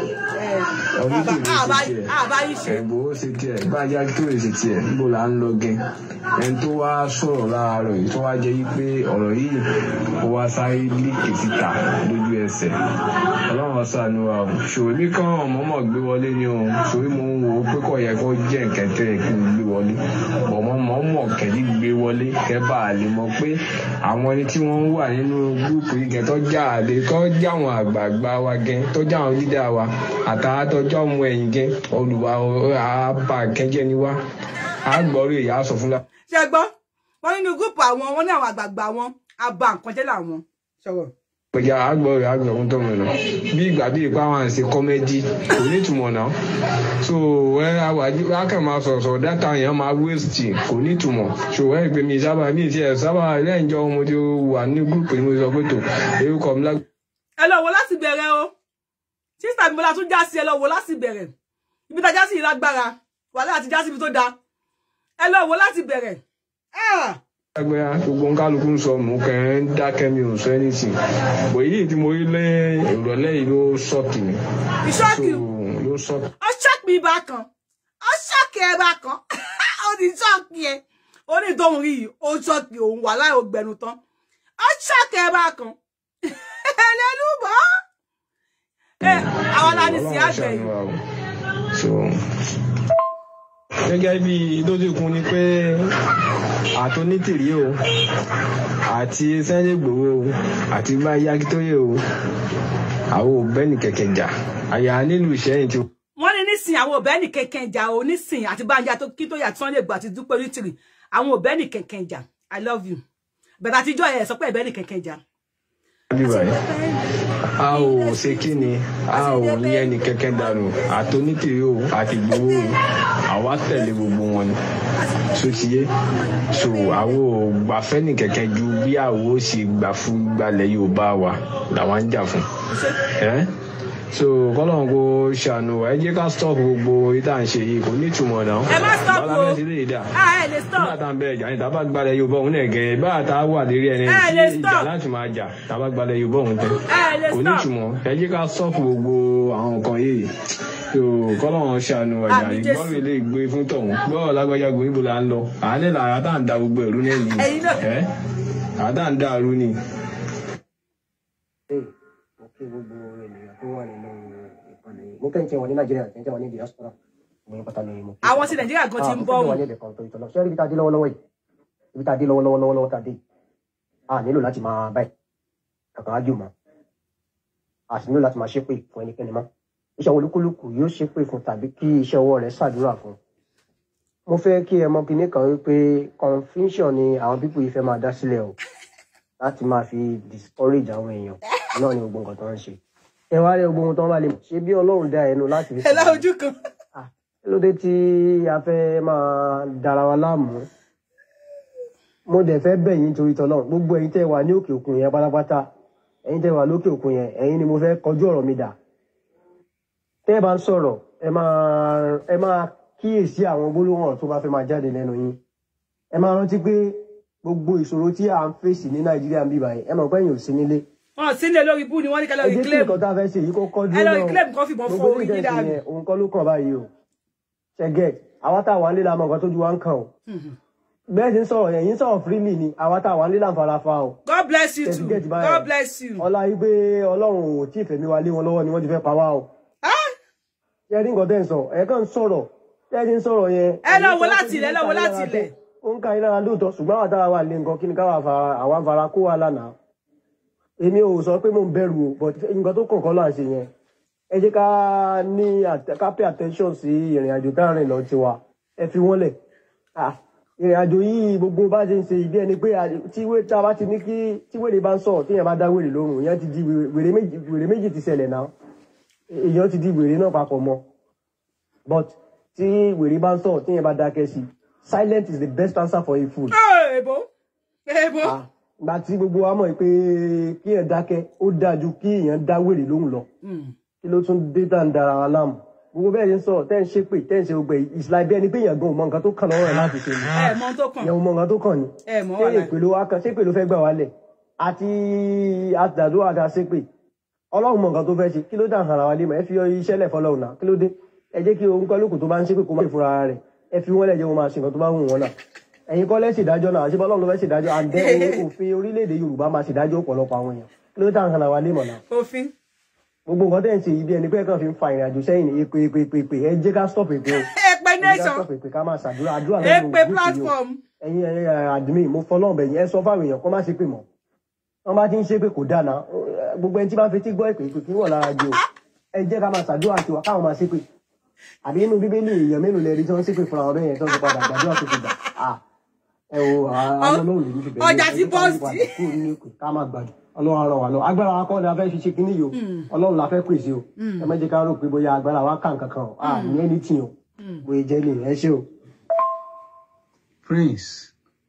ẹ̀gbọ́n ó ṣe tiẹ̀ gbájá tó lè ṣe tiẹ̀ níbo là ń lọ gẹn ẹni tó wá sọ̀rọ̀ lára rẹ̀ yìí tó wá jẹ́ yí pé ọ̀rọ̀ yìí ó wá sáré líkè síta lójú ọlọ́run ọ̀sán ni wa ṣòwò mi mọ́mọ́ gbé wọlé ni o ṣòwò mo ń wo pé kò yẹ kó jẹ́ nkẹ́tẹ́ kí n gbé wọlé ọmọ mọ mọ kẹdí gbé wọlé kẹ bá a lè mọ pé àwọn ẹni tí wọ́n wà nínú gúrúùpù yìí gẹ tọjá àlè tọjá àwọn àgbààgbà wa gẹ tọjá àwọn dídá wa àtàtọjọ ọmọ ẹ̀yìn gẹ olùwà àbá kẹjẹ ni wa àgbọrí ìyá sọ fúnra.
ṣé gbọ́ wọn nínú gúrúùpù àwọn wọn ní àwọn àgbààgbà wọn àbá nǹkan làwọn
gbẹ̀jà àgbọ̀ rẹ̀ àgbọ̀ ọ̀hún tọ̀mọ̀
náà bí
ìgbà bíi ipá wọn ṣe kọ́mẹ́dì kò ní ìtumọ̀ náà so ẹ àwàjú akẹ́ máa sọ̀sọ̀ dátà yẹn máa wéèsì kò ní ìtumọ̀ so ẹ pè mí sábà mí ti ẹ̀ sábà lẹ́yìn jọ mo ti wà ní gúrùpù ni mo sọ pé tò ewu kọ́ mi lágbó.
ẹ lọ wo láti bẹ̀rẹ̀ o sísá mi bọ́lá tún já sí ẹ lọ wo láti bẹ̀rẹ̀ ibi tá já sí ìlágbára wàhálà àti já da ẹ lọ wo láti
ẹgbẹ́ gbogbo nkálukú ń sọ mú kẹ́ ń dákẹ́ mi ò sọ anything bò yìí tí mo rí lé ìrọ̀lẹ́ yìí ló ṣọ́ọ̀kì mi. ìṣọ́ọ̀kì ló ṣọ́ọ̀kì.
ó ṣọ́ọ̀kì mi bá kan ó ṣọ́ọ̀kì ẹ kan ó ní ṣọ́ọ̀kì ẹ ó ní tóun rí yìí ó ṣọ́ọ̀kì òun wà láì ògbẹ̀nu tán ó ṣọ́ọ̀kì ẹ kan ẹlẹ́nu bọ́ àwọn aláàdì àgbẹ̀ yìí
gẹ́gẹ́ bí dójúkun ni pé àtúnítìrí o àti Sunday àti báyìí Akíntóyè o àwọn òbẹ́ni kẹ̀kẹ́ jà àyà nílùú Ìṣẹ́yìn tí.
wọ́n ní nísìnyí àwọn òbẹ́ni kẹ̀kẹ́ jà o nísìnyí àti báyìí Akíntóyè àti Sunday àti Dúpẹ́ Onítìrí àwọn òbẹ́ni kẹ̀kẹ́ jà I love you bẹ̀rẹ̀ àtijọ́ ẹ̀ sọ pé ẹ̀bẹ́ni kẹ̀kẹ́ jà
a ò
ṣe kí ni a ò ní ẹni kẹ̀kẹ́ dànù àtòníkiri o àti Ìgbòho o àwa tẹ̀lé gbogbo wọn ni so ti so àwọn ò gbà fẹ́ni kẹ̀kẹ́ ju bí àwọn ò ṣe gbà fún gbalẹ̀ Yorùbá wa làwọn ń jà fún. Eh? so kọ́lọ́n kó ṣàánú ẹ jẹ́ ká stop gbogbo ìta ń ṣe yìí kò ní ìtumọ̀ náà. ẹ má stop o bàbá mi
ah, ẹ lè stop. nígbà
tá à ń bẹ ẹja ni tàbá gbalẹ̀ Yorùbá òun náà gẹ̀ẹ́ bá a ta wà lérí ẹni tí ìjà láti máa jà tàbá gbalẹ̀ Yorùbá òun tẹ. kò ní ìtumọ̀ ẹ jẹ́ ká stop gbogbo àwọn nǹkan yìí so kọ́lọ́n ṣàánú ẹja ni gbọ́ mi
lè tó wà nínú ìkànnì ní kẹ́ńtì wọn ní nàìjíríà kẹ́ńtì wọn ní diaspora ìgbìyànjú pátá lórí mu. àwọn ti
nàìjíríà gan ti ah, ń bọ̀ wò. ṣé
ibi tá a dé lọ́wọ́lọ́wọ́ yìí ibi tá a dé lọ́wọ́lọ́wọ́ tá a dé a nílò láti máa báyìí kàkà ájú mọ́ a sì nílò láti máa ṣépè fún ẹnikẹ́ni mọ́ iṣẹ́ olúkúlùkù yóò ṣépè fún tàbí kí iṣẹ́ ọwọ́ rẹ̀ ṣàdúrà fún mo fẹ́ kí ẹ mọ kinní kan wípé confusion ni àwọn pípò yìí fẹ́ máa dá sílẹ̀ o láti máa fi discourage àwọn èèyàn náà ni gbogbo nǹkan tó ń ṣe ẹ wá rí ogun tán bá lè ṣe bí ọlọ́run dá ẹnu láti fi. ẹ láojú kan. lóde tí a fẹ́ máa dára wa láàmú mo dẹ̀ fẹ́ bẹ̀ yín torí tọ́lọ́run gbogbo ẹ̀yin tẹ́ wà ní òkè òkun yẹn pátápátá ẹ̀yin tẹ́ wà lókè òkun yẹn ẹ̀yin ni mo fẹ́ kọjú ọ̀rọ̀ mi dà tẹ́ ẹ bá ń sọ̀rọ̀ ẹ máa ẹ máa kíyèsí àwọn gbólóhùn tó bá fẹ́ máa jáde lẹ́nu yín ẹ máa rántí pé gbogbo ìṣòro tí à ń fèsì ní nàìjíríà ń bíbáyé ẹ mọ̀ pé ẹ̀yin ò sí nílé
wọn sí ilé lórí bú ni wọn ní kẹlẹ reclaim
ẹ lọ reclaim kan fìbọn fún orí yín dànù. òun kọ́ ló kàn báyìí o ṣẹgẹ àwa tá a wà nílé la mọ nǹkan tójú wa ń kàn o mm-hmm. bẹ́ẹ̀ ti ń sọ̀rọ̀ yẹn yín sọ̀rọ̀ freely ni àwa tá a wà la ń fara o. God bless you too God bless you. ọlá yìí pé ọlọ́run ò tí ì fẹ̀mí wa lé wọn lọ́wọ́ ni wọ́n ti fẹ́ pa wá o. ṣé ẹ ní nǹkan tẹ́ ń sọ ẹ kàn ń sọ̀rọ̀ ṣé ẹ ti ń sọ̀rọ̀ yẹn. ẹ lọ wo láti ilẹ̀ ẹ lọ wo láti ilẹ̀. ó ń ka ilára lóòótọ́ ṣùgbọ́n àwa tá a wà lé nǹkan kí ni káwa àwa fara kó wa lánàá èmi ò sọ pé mo ń bẹ̀rù o but nǹkan tó kàn kọ́ là ṣe yẹn ẹ jẹ́ ká ní ká pay attention sí ìrìn àjò tá lọ tiwa ẹ fi wọ́n lẹ̀ ìrìn àjò yìí gbogbo bá ṣe ń ṣe ìdí ẹni pé tí wèrè tá a bá ti ní kí tí wèrè bá ń sọ téèyàn bá dá wèrè lóhùn ìyẹn ti di wèrè méjì ti ṣẹlẹ̀ náà èèyàn ti di wèrè náà papọ̀ mọ́ but tí wèrè bá ń sọ téèyàn bá dákẹ́ sí silent is the best answer for a fool.
ẹ ẹ bọ́ ẹ
bọ́ gba tí gbogbo wa mọ̀ pé kí èèyàn dákẹ́ ó dáa ju kí èèyàn dá wèrè lóhùn lọ hmm. kí ló tún dé tá à ń dara wa láàmú gbogbo bẹ́ẹ̀ ni sọ tẹ́ ń ṣe pé tẹ́ ń ṣe gbogbo ìsìláì bẹ́ẹ̀ ni pé èèyàn gan ò mọ nǹkan tó kàn lọ́wọ́ rẹ̀ láti ṣe ni ah. èèyàn ò mọ nǹkan tó kàn ni ṣé èpè ló wá kan ṣé èpè ló fẹ́ gbà wá lẹ̀ àti àtàdó àga ṣe pé ọlọ́run mọ nǹkan tó fẹ́ ṣe kí ló dà ara wa lé mọ́ ẹ fi iṣẹ́ lẹ̀ fọlọ́run náà ẹ̀yin kọ́ lẹ́sìn ìdájọ́ náà àṣẹ bọ́lá ló fẹ́ ṣèdájọ́ àǹdẹ́ òfin orílẹ̀-èdè Yorùbá máa ṣèdájọ́ ọ̀pọ̀lọpọ̀ àwọn èèyàn kí ló tàn hàn àwa òfin. gbogbo nǹkan tẹ̀ ń ṣe yìí ẹni pé ẹ̀kan fi ń fa ìrìn sẹ́yìn ní epe epe epe epe ẹ jẹ́ ká stop epe o. epe nation epe ká máa ṣàdúrà àdúrà lẹ́nu òwúrọ̀ ẹ ti gbogbo ẹni ẹ wo àwọn olóòlù níbi bẹ̀rẹ̀ ọjà ti bọ́ọ̀sì ká gbàdùn ọlọ́run wa lọ agbára wa kọ́ ni a fẹ́ fi ṣe kínní yìí o hmm. ọlọ́run la fẹ́ o hmm. ẹ má ká rò pé bóyá agbára wa kà o ẹni hmm. tì o o. Prince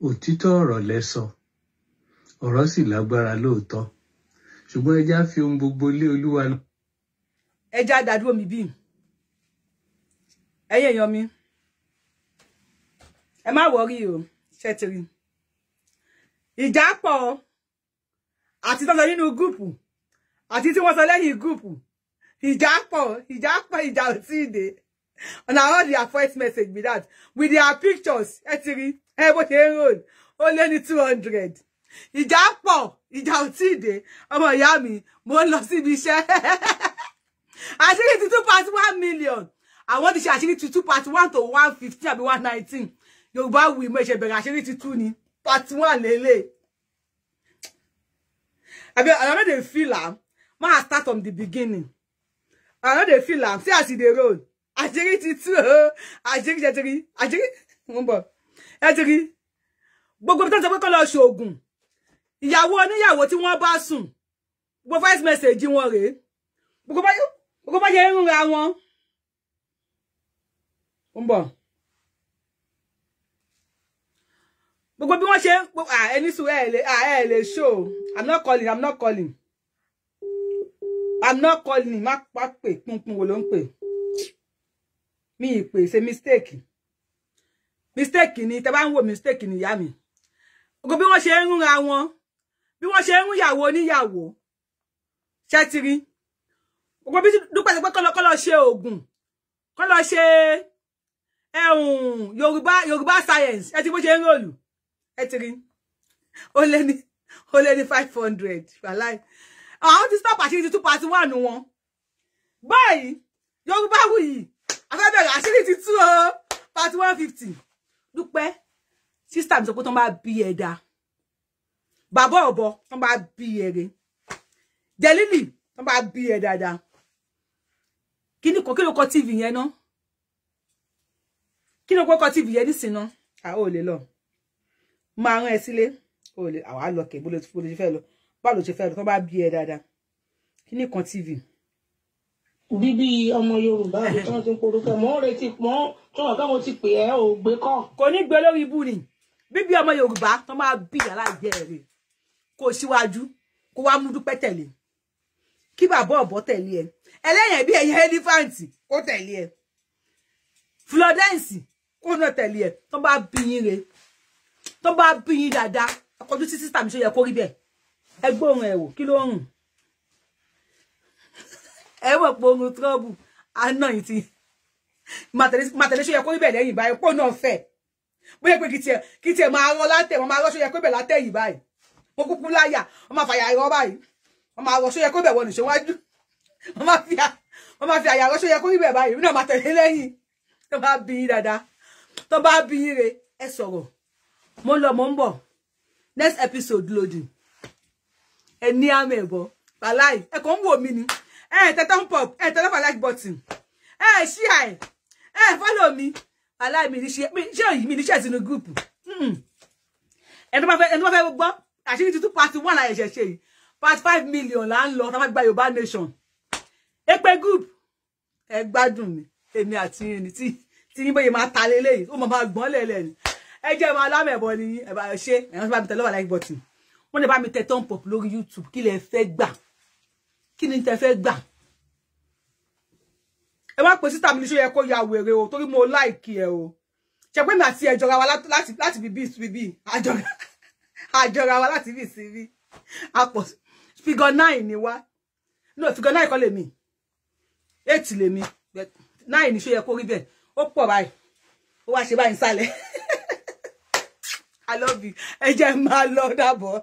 òtítọ́ ọ̀rọ̀ lẹ sọ
ọ̀rọ̀ sì lágbára lóòótọ́ ṣùgbọ́n ẹja fi ohun gbogbo lé olúwa. ẹja dàdúrò mi ṣẹ́tìrì ìjápọ̀ àti tọ́sọ nínú gúùpù àti tí wọ́n sọ lẹ́yìn gúùpù ìjápọ̀ ìjápọ̀ ìjà ò tí ì dé and I heard their first message be that with their pictures ṣẹ́tìrì ẹ bó ṣe ń roll ó lé ní two hundred ìjà pọ̀ ìjà ò tí ì dé ọmọ ìyá mi mo ń lọ síbi iṣẹ́ àṣírí ti two point one million àwọn ti ṣe àṣírí ti two point one to one fifteen àbí one nineteen yorùbá wì mọ́ ìṣe bẹ̀rẹ̀ àṣírí ti tú ni part one lélẹ̀ àbí i no dey feel am ma start from the beginning i no dey feel am see as e dey roll àṣírí oh, ti tú o àṣírí ṣẹtiri àṣírí ń bọ̀ ẹtiri gbogbo tó ń sọ pé kó lọ ṣoògùn ìyàwó oníyàwó tí wọ́n bá sùn gbogbo voice message wọn rèé gbogbo bá yẹ ń ra wọn ń bọ̀. gbogbo bí wọ́n ṣe ẹni sùn ẹ lè ẹ lè show i'm not calling i'm not calling i'm not calling má pa pè pinpin wo ló ń pè mi ì pè ṣe mistake mistake ni tẹ́ bá ń wò mistake ni ìyá mi gbogbo bí wọ́n ṣe ń rúnra wọn bí wọ́n ṣe ń rún ìyàwó oníyàwó ṣe ti rí gbogbo bí dúpẹ́ sọ pé kọ́ lọ ṣe oògùn kọ́ lọ ṣe ẹ̀hún yorùbá yorùbá science ẹ ti bó ṣe ń rọ̀lù ẹ only, rí ó lé ní ó lé ní five hundred wàláì àwọn ti stop àṣírí tuntun party one wọn báyìí yorùbá wù yìí afẹ́bẹ̀rẹ̀ àṣírí ti tú o party one fifty dúpẹ́ sísítà mi sọ pé tó ń bá bí ẹ Babo obo. ọ̀bọ tó ń bá bí ẹ rè jẹlílì tó ń bá bí ẹ dáadáa kí ni kò kí ló kọ tv yẹn ná kí ló kọ tv yẹn nísìnyí ná a ó lè lọ máa rán ẹ sílé o lè àwa lọ kẹ bó lè ṣe fẹ́ lọ báwo ló ṣe fẹ́ lọ tó bá bí ẹ dáadáa kí ní kan tv. bíbí ọmọ yorùbá àti tí wọn ti ń porúkọ mọ ń retí mọ tí wọn kọ mo ti pè ẹ ò gbé kọ. kò ní gbé lórí ibú ni bíbí ọmọ yorùbá tó máa bí yàrá ìjẹ rẹ kó síwájú kó wá mú dúpẹ́ tẹ̀lé kí bàbá ọ̀bọ tẹ̀lé ẹ ẹlẹ́yìn bí ẹyẹ ẹlífàǹtì kó tẹ̀lé ẹ fúlọdẹ́ǹsì kó náà tẹ̀lé ẹ tó bá bí yín re tó bá bí yín dáadáa ọkọjú sí sísítà mi ṣe yẹ kó rí bẹ́ẹ̀ ẹ gbóhùn ẹ wò kí ló rùn ẹ mọ̀ pé ohun trọ́bù àná yìí ti màtẹ̀lé ṣe yẹ kó rí bẹ́ẹ̀ lẹ́yìn báyìí pò náà fẹ̀ bóyá pé kì tiẹ̀ máa rán látẹ̀ wọ́n máa rán ṣe yẹ kó bẹ̀ látẹ̀ yìí báyìí mo kúkú láyà wọ́n máa fàyà irọ́ báyìí wọ́n máa rọ ṣe yẹ kó bẹ̀ wọ́n nìṣẹ́ wájú wọ́n máa fi àyà rọ ṣe yẹ kó rí bẹ̀ báyìí náà màtẹ̀lé lẹ́yìn tó bá bí dáadáa tó bá bí re ẹ sọ̀rọ̀ mo ń mo ń next episode loading ẹ ní àmì ẹ̀bọ Like. ẹ kàn ń wò mí ni ẹ ẹ tẹ thumb up ẹ tẹ lọ́fà like button ẹ ẹ share ẹ ẹ follow mi wàláì mi ní ṣe mi ní ṣe sínú group hmm. ẹni máa fẹ́ ẹni máa fẹ́ gbọ́ àṣírí tuntun part one àyẹ̀ṣẹ̀ ṣe yìí part five million là ń lọ tá a máa gba yorùbá nation èpè group ẹ gbádùn mi èmi àti yìnyín tí ti. yín bóyá máa ta lélẹ́yìn O máa máa gbọ́n lẹ́lẹ́ ni ẹ jẹ́ máa lámẹ̀bọ ni ẹ bá ṣe ẹ̀rọ bá mi tẹ lọ́wọ́ like button wọ́n lè bá mi tẹ thumb up lórí YouTube kí lẹ fẹ́ gbà kí ni tẹ fẹ́ gbà ẹ wá pè síta mi ní ṣó yẹ kó ya wèrè o torí mo like ẹ o ṣe pé mi àti ẹjọra wa láti láti bíbí síbí àjọra àjọra wa láti bíbí síbí àpọ̀ figure nine ni wá no figure nine kọ́ mi. eight lèmi nine ni ṣó yẹ kó rí bẹ́ẹ̀ ó pọ̀ báyìí ó wá ṣe báyìí sálẹ̀. I love you. Ẹ jẹ́ máa lọ dàbọ̀.